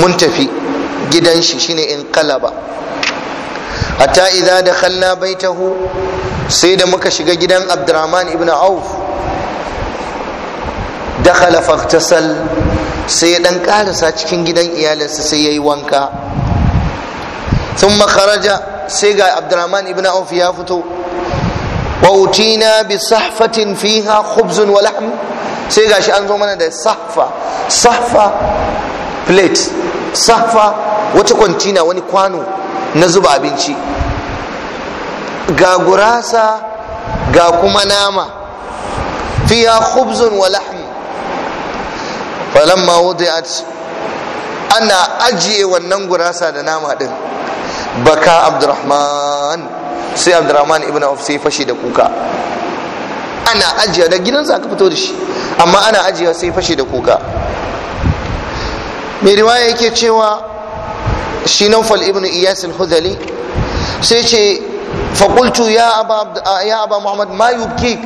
Speaker 1: mun tafi gidan shi shine in kalaba hatta idza dakhalna baitahu sai da muka shiga gidan abdurrahman ibn auf dakhala faghtasal sai ya dan karasa cikin gidan iyalinsa sai yayi wanka thumma kharaja sai ga abdurrahman ibn auf ya fito wa utina bi sahfatin fiha khubzun wa lahm sai gashi an zo mana da sahfa sahfa plate sahfa wata kwantina wani kwano na zuba abinci ga gurasa ga kuma nama fiya khubzun wa lahmi falamma wudi'at ana ajiye wannan gurasa da nama din baka abdurrahman sai abdurrahman ibn auf sai fashi da kuka ana ajiye da za ka fito da shi amma ana ajiye sai fashi da kuka mai riwaya yake cewa shi naufal ibn iyas al-hudali sai ce faƙultu ya aba muhammad ma yubki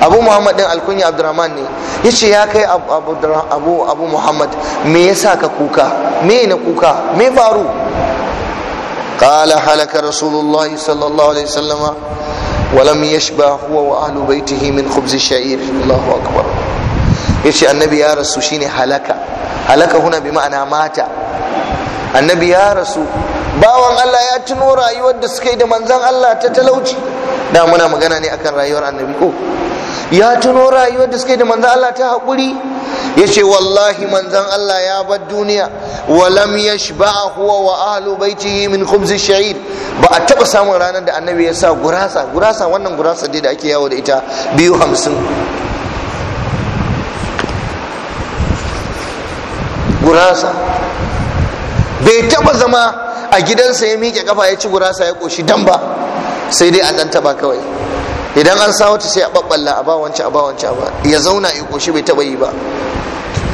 Speaker 1: abu muhammad din alkunya abdurrahman ne ya ce ya kai abu muhammad me yasa ka kuka me na kuka me faru قال هلك رسول الله صلى الله عليه وسلم ولم يشبع هو واهل بيته من خبز الشعير الله اكبر yace annabi ya rasu shine halaka halaka huna bi ma'ana mata annabi ya rasu bawan Allah ya tuno rayuwar da suka yi da manzan Allah ta talauci da muna magana ne akan rayuwar annabi ko ya tuno rayuwar da suka yi da manzan Allah ta haƙuri ya ce wallahi manzan Allah ya bar duniya walam ya shiba huwa wa ahlu baitihi min khubzi sha'ir ba a taɓa samun ranar da annabi ya sa gurasa gurasa wannan gurasa dai da ake yawo da ita biyu hamsin gurasa bai taba zama a gidansa ya miƙe kafa ya ci gurasa ya ƙoshi dan ba sai dai a ɗan taba kawai idan an sa wata sai a ɓaɓɓalla a ba wance a ba wance a ba ya zauna ya ƙoshi bai taba yi ba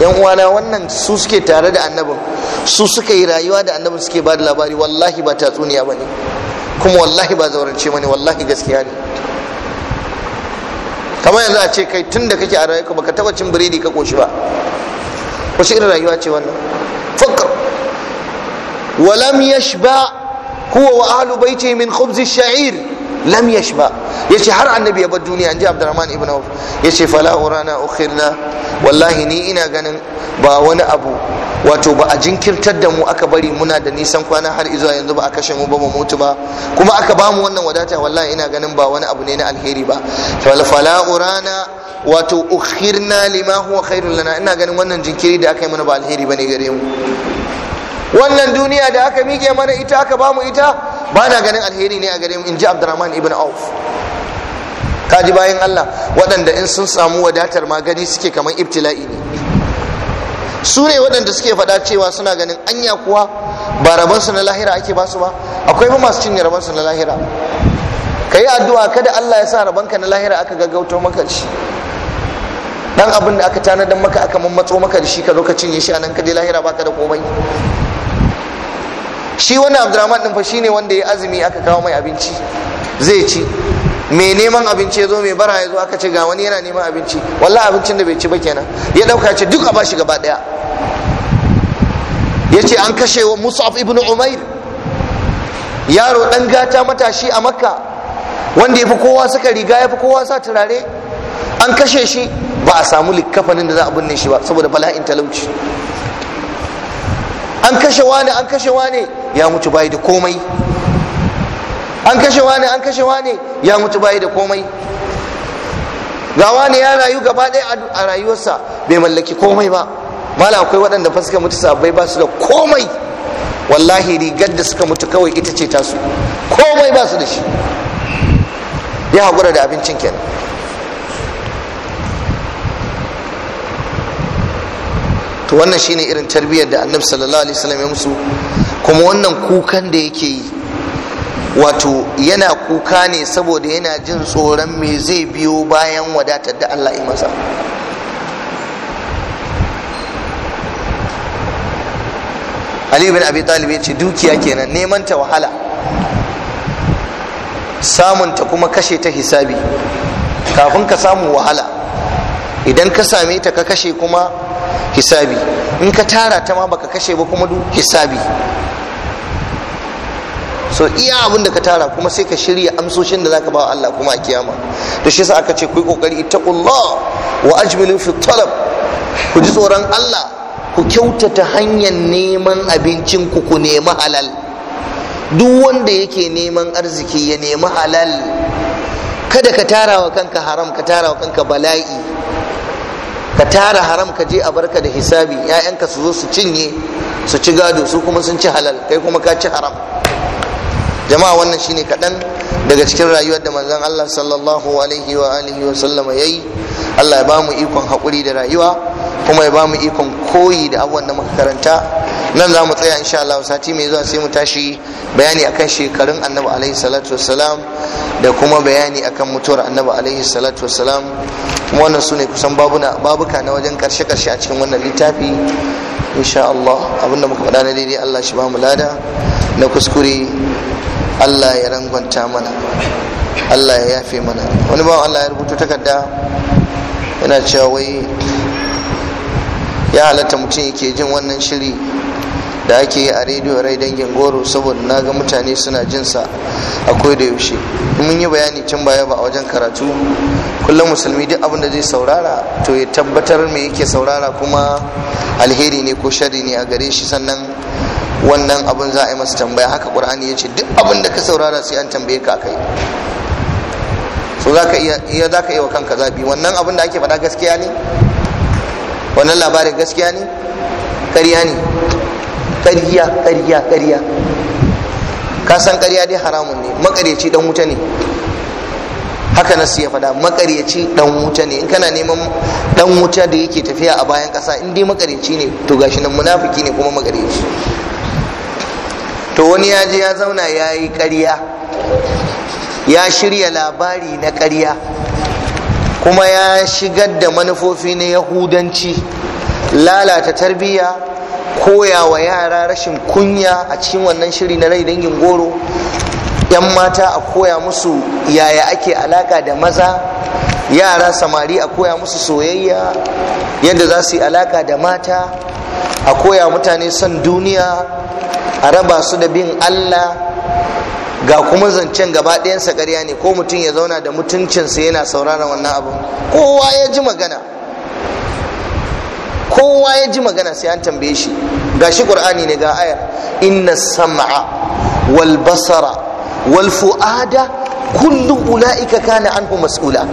Speaker 1: yan uwana wannan su suke tare da annabin su suka yi rayuwa da annabin suke ba da labari wallahi ba tatsuniya ba ne kuma wallahi ba zaurance ba ne wallahi gaskiya ne kamar yanzu a ce kai tun da kake a rayuwa baka taba cin biredi ka ƙoshi ba wace irin rayuwa ce wannan fakar ولم يشبع هو وأهل بيته من خبز الشعير lam yashba yace har annabi ya bar duniya inji abdurrahman ibn auf yace fala urana ukhirna wallahi ni ina ganin ba wani abu wato ba a jinkirtar da mu aka bari muna da nisan kwana har izuwa yanzu ba a kashe mu ba mu mutu ba kuma aka bamu wannan wadata wallahi ina ganin ba wani abu ne na alheri ba fala urana wato ukhirna lima huwa khairul lana ina ganin wannan jinkiri da aka yi mana ba alheri bane gare mu wannan duniya da aka mike mana ita aka bamu ita ba na ganin alheri ne a gare mu in inji abdurrahman ibn auf kaji bayan allah waɗanda in sun samu wadatar magani suke kamar ibtila'i ne su ne waɗanda suke faɗa cewa suna ganin anya kuwa ba rabansu na lahira ake basu ba akwai ba masu cinye rabansu na lahira ka yi addu'a kada allah ya sa rabanka na lahira aka gaggauto maka shi dan abin da aka tanadar maka aka mammatso maka da shi ka zo ka cinye shi a nan ka je lahira baka da komai shi wani abdurrahman din fa shine wanda ya azumi aka kawo mai abinci zai ci mai neman abinci ya zo mai bara ya zo aka ce ga wani yana neman abinci wallahi abincin da bai ci ba kenan ya dauka ce duk a bashi gaba daya yace an kashe wa mus'ab ibn umair yaro dan gata matashi a makka wanda ya fi kowa suka riga ya fi kowa sa turare an kashe shi ba a samu likkafanin da za a binne shi ba saboda bala'in talauci an kashe wane an kashe ne? ya mutu bayi da komai an kashe wane an kashe wane ya mutu bayi da komai ga wane ya rayu gaba ɗaya a rayuwarsa bai mallaki komai ba mala akwai waɗanda fa suka mutu sabai ba su da komai wallahi rigar da suka mutu kawai ita ce tasu komai ba su da shi ya haƙura da abincin kenan to wannan shine irin tarbiyyar da annabi sallallahu alaihi wasallam ya musu kuma wannan kukan da yake yi wato yana kuka ne saboda yana jin tsoron me zai biyo bayan wadatar da Allah ya masa Ali bin Abi Talib ce dukiya kenan neman ta wahala samun ta kuma kashe ta hisabi kafin ka samu wahala idan ka same ta ka kashe kuma hisabi in ka tara ta ma baka kashe ba kuma duk hisabi so iya abin ka tara kuma sai ka shirya amsoshin da zaka ba Allah kuma a kiyama to shi sa aka ce ku yi kokari ittaqullah wa ajmilu fi talab ku ji tsoron Allah ku kyautata hanyar neman abincin ku ku nemi halal duk wanda yake neman arziki ya nemi halal kada ka tara wa kanka haram ka tara wa kanka bala'i ka tara haram ka je a barka da hisabi 'ya'yanka su zo su cinye su ci gado su kuma sun ci halal kai kuma ka ci haram jama'a wannan shine kaɗan daga cikin rayuwar da manzon Allah sallallahu alaihi wa alihi wa sallama yayi Allah ya bamu ikon haƙuri da rayuwa kuma ya bamu ikon koyi da abubuwan da muka karanta nan za mu tsaya insha Allah sati mai zuwa sai mu tashi bayani akan shekarun annabi alaihi salatu wassalam da kuma bayani akan mutuwar annabi alaihi salatu wassalam kuma wannan sune kusan babuna babuka na wajen karshe karshe a cikin wannan littafi insha Allah abinda muka faɗa na daidai Allah shi ba mu lada na kuskure Allah ya rangwanta mana Allah ya yafe mana wani bawan Allah ya rubuta takarda yana cewa wai ya halatta mutum yake jin wannan shiri da ake yi a rediyo rai dangin goro saboda na ga mutane suna jinsa a da yaushe mun yi bayani can baya ba a wajen karatu kullum musulmi duk abin da zai saurara to ya tabbatar me yake saurara kuma alheri ne ko shari ne a gare shi sannan wannan abin za a yi masa tambaya haka qur'ani ya ce duk abin da ka saurara sai an tambaye ka kai so za ka iya ka iya wa kanka zabi wannan abin da ake faɗa gaskiya ne wannan labarin gaskiya ne ƙarya ne ƙarya ƙarya ƙarya ka san ƙarya dai haramun ne makaryaci dan wuta ne haka nasu ya faɗa makaryaci dan wuta ne in kana neman ɗan wuta da yake tafiya a bayan ƙasa in dai makaryaci ne to gashi nan munafiki ne kuma makaryaci to wani ya je ya zauna ya yi ƙarya ya shirya labari na ƙarya kuma ya shigar da manufofi na yahudanci lalata tarbiyya koya wa yara rashin kunya a cikin wannan shiri na rai dangin goro yan mata a koya musu yaya ake alaka da maza yara samari a koya musu soyayya yadda za su yi alaka da mata a koya mutane son duniya a raba su da bin allah ga kuma zancen gaba ɗayansa ƙarya ne ko mutum ya zauna da mutuncinsa yana sauraron wannan abu kowa ya ji magana kowa ya ji magana sai an tambaye shi Ga shi ƙur'ani ne ga ayar inna sam'a wal basara wal fu'ada kullu ulaika kana anhu mas'ula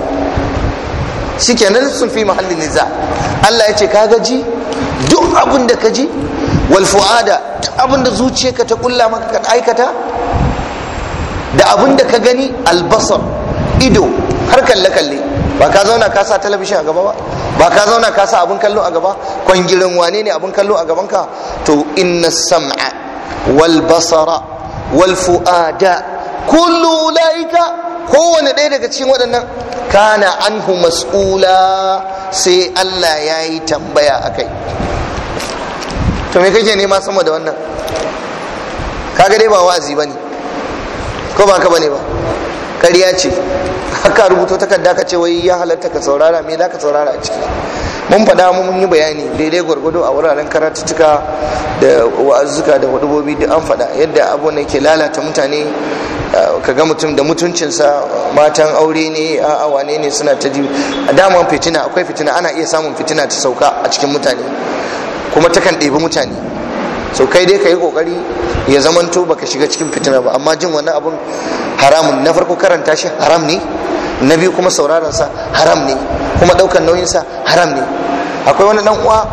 Speaker 1: shikenan sun fi mahallin niza Allah ya ce ka gaji duk abin da ka ji wal fu'ada abin da zuciyarka ta kulla maka ka aikata da abin da ka gani albasar ido har kalle kalle ba ka zauna ka sa talabishin a gaba ba ba ka zauna ka sa abin kallo a gaba kwangirin wane ne abin kallo a gaban ka to inna sam'a wal basara wal fu'ada kullu ulaika kowane ɗaya daga cikin waɗannan kana anhu mas'ula sai Allah ya yi tambaya a kai to me kake nema sama da wannan kaga dai ba wa'azi bane ko ba ka bane ba ƙarya ce haka rubuto takarda ka ce wai ya halatta ka saurara me za ka saurara a ciki mun faɗa mun yi bayani daidai gwargwado a wuraren karatuttuka da wa'azuka da hudubobi duk an faɗa yadda abu ke lalata mutane ka ga mutum da mutuncinsa matan aure ne a wane ne suna ta ji a daman fitina akwai fitina ana iya samun fitina ta sauka a cikin mutane kuma takan ɗebi mutane
Speaker 2: so kai dai ka yi
Speaker 1: kokari ya to baka shiga cikin fitina ba amma jin wannan abun haramun na farko karanta shi haram ne na biyu kuma sauraron sa haram ne kuma daukan nauyin sa haram ne akwai wani dan uwa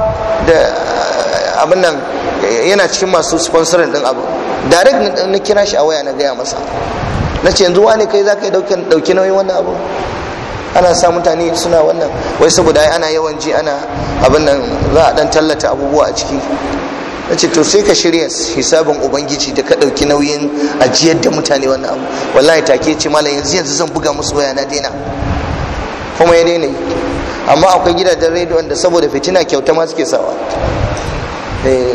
Speaker 1: da eh, abin nan eh, yana cikin masu sponsoring din abu direct na kira shi a waya na gaya masa na ce yanzu wani kai za ka yi dauki nauyin wannan abu ana sa mutane suna wannan wai saboda ana yawan ji ana abin nan za a dan tallata abubuwa a ciki na ce to sai ka shirya hisabin ubangiji da ka ɗauki nauyin ajiyar da mutane wannan abu wallahi take ce malam yanzu yanzu zan buga musu waya na daina kuma ya daina amma akwai gidajen rediyon da saboda fitina kyauta ma suke sawa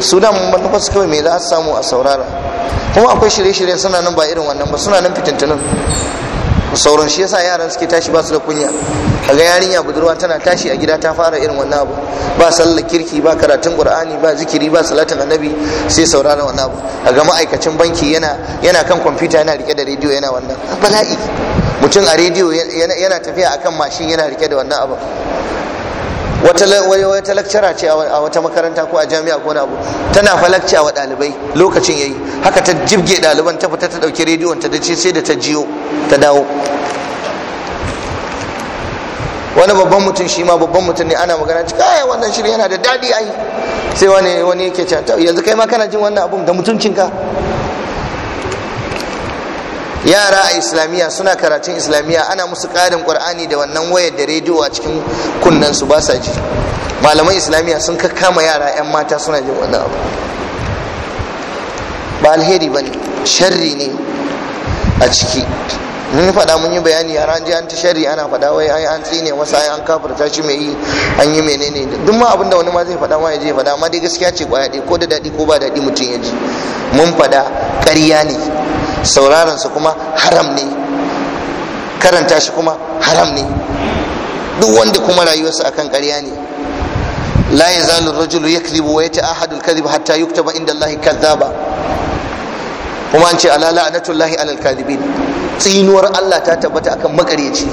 Speaker 1: sudan eh, su kawai me za a samu a saurara kuma akwai shirye-shirye suna nan ba irin wannan ba suna nan fitintunan sauran shi yasa yaran suke tashi ba su da kunya kaga yarinya budurwa tana tashi a gida ta fara irin wannan abu ba sallar kirki ba karatun qur'ani ba zikiri ba salatin annabi sai sauraron wannan abu kaga ma'aikacin banki yana yana kan kwamfuta yana rike da rediyo yana wannan bala'i
Speaker 2: mutum a rediyo
Speaker 1: yana tafiya akan mashin yana rike da wannan abu wata lakcara ce a wata makaranta ko a jami'a ko na abu tana falakci a wa ɗalibai lokacin yayi haka ta jibge ɗaliban ta fita ta ɗauki rediyon ta dace sai da ta jiyo ta dawo wani babban mutum shi ma babban mutum ne ana magana ci kai wannan shirin yana da daɗi ai sai wani wani yake cewa yanzu kai ma kana jin wannan abun da mutuncinka yara a islamiyya suna karatun islamiyya ana musu ƙarin ƙwar'ani da wannan wayar da rediyo a cikin kunnen su ba sa ji malaman islamiyya sun kakkama yara 'yan mata suna jin wannan abu ba alheri ba ne sharri ne a ciki mun faɗa mun yi bayani yara an je an ta sharri ana faɗa wai ai an tsine masa ai an kafirta shi mai yi an yi menene duk ma abinda wani ma zai faɗa ma ya je faɗa amma dai gaskiya ce kwaya ko da daɗi ko ba daɗi mutum ya ji mun faɗa ƙarya ne sauraron su kuma haram ne karanta shi kuma haram ne duk wanda kuma rayuwarsa akan ƙarya ne la yazalu rajulu yakdhibu wa yata'ahadu al-kadhib hatta yuktaba inda Allah kadhaba kuma an ce ala la'natullahi alal kadhibin tsinuwar Allah ta tabbata akan makaryaci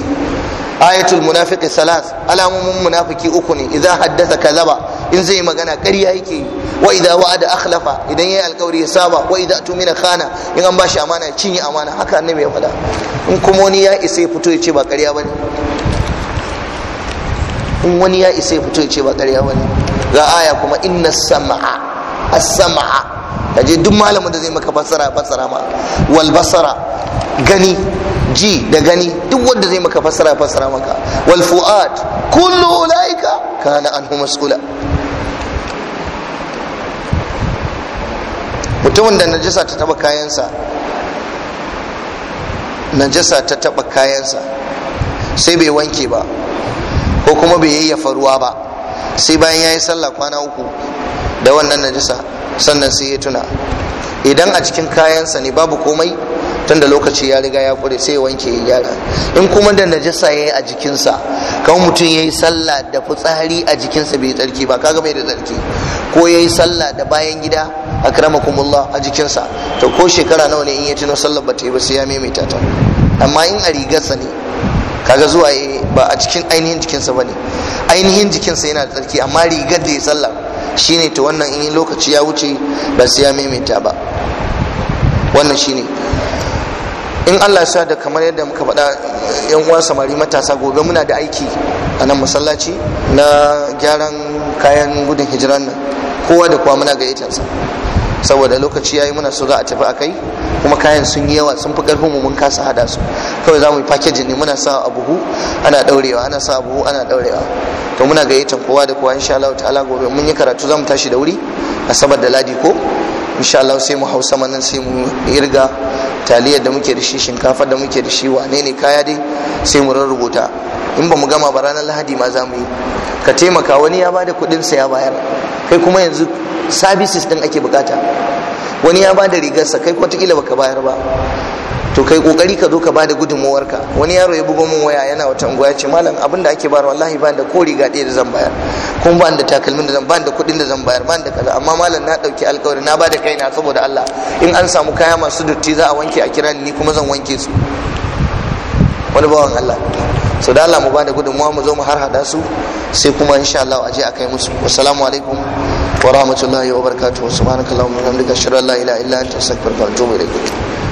Speaker 1: ayatul munafiqi salas alamun munafiki uku ne idan haddasa kadhaba in zai magana ƙarya yake yi wa idza wa'ada akhlafa idan yayi alkawari ya saba wa idza tumina khana in an bashi amana ya cinye amana haka annabi ya faɗa in kuma wani ya isa ya fito ya ce ba ƙarya bane in wani ya isa ya fito ya ce ba ƙarya bane ga aya kuma inna sam'a as-sam'a kaje duk malamin da zai maka fassara fassara ma wal basara gani ji da gani duk wanda zai maka fassara fassara maka wal fu'ad kullu ulaika kana anhu mas'ula mutumin da najasa ta taba kayansa najasa ta taba kayansa sai bai wanke ba ko kuma bai yayyafa ruwa ba sai bayan ya yi sallah kwana uku da wannan najasa sannan sai ya tuna idan a cikin kayansa ne babu komai tunda lokaci ya riga ya kure sai ya wanke ya gyara in kuma da najasa ya yi a jikinsa kan mutum ya yi sallah da fitsari a jikinsa bai tsarki ba kaga bai da tsarki ko ya yi sallah da bayan gida akramakumullah a jikinsa to ko shekara nawa ne in ya tuno sallar ba ta yi ba sai ya maimaita ta amma in a rigarsa ne kaga zuwa ya ba a cikin ainihin jikinsa ba ne ainihin jikinsa yana da tsarki amma rigar da ya sallar shine ta wannan in lokaci ya wuce ba sai ya maimaita ba wannan shine in Allah sa da kamar yadda muka faɗa yan uwa samari matasa gobe muna da aiki a nan masallaci na gyaran kayan gudun hijiran nan kowa da kowa muna gayyatansa saboda lokaci yayi muna so za a tafi akai kuma kayan sun yi yawa sun fi karfin mu mun kasa hada su kawai za mu yi packaging ne muna sa a buhu ana daurewa ana sa a buhu ana daurewa to muna gayyatar kowa da kowa insha Allah ta'ala gobe mun yi karatu zamu tashi da wuri asabar da ladi ko insha Allah sai mu hau sama sai mu irga taliyar da muke da shi shinkafa da muke da shi wane ne kaya dai sai mu rarrubuta in ba mu gama ba ranar lahadi ma za mu yi ka taimaka wani ya bada da sa ya bayar kai kuma yanzu services din ake bukata wani ya bada rigarsa kai kwatakila baka bayar ba to kai kokari ka zo ka bada ka wani yaro ya bugo min waya yana wata unguwa ya ce malam abin da ake bayar wallahi ba da ko riga ɗaya da zan bayar kun ba da takalmin da zan ba da kuɗin da zan bayar ba da kaza amma malam na ɗauki alkawari na bada kaina saboda Allah in an samu kaya masu dutti za a wanke a kira ni kuma zan wanke su wani bawan Allah so da Allah mu da gudunmuwa mu zo mu harhaɗa su sai kuma insha Allah a je a kai musu assalamu alaikum wa rahmatullahi wa barakatuh subhanakallahumma wa bihamdika ashhadu an la ilaha illa anta astaghfiruka wa atubu ilaik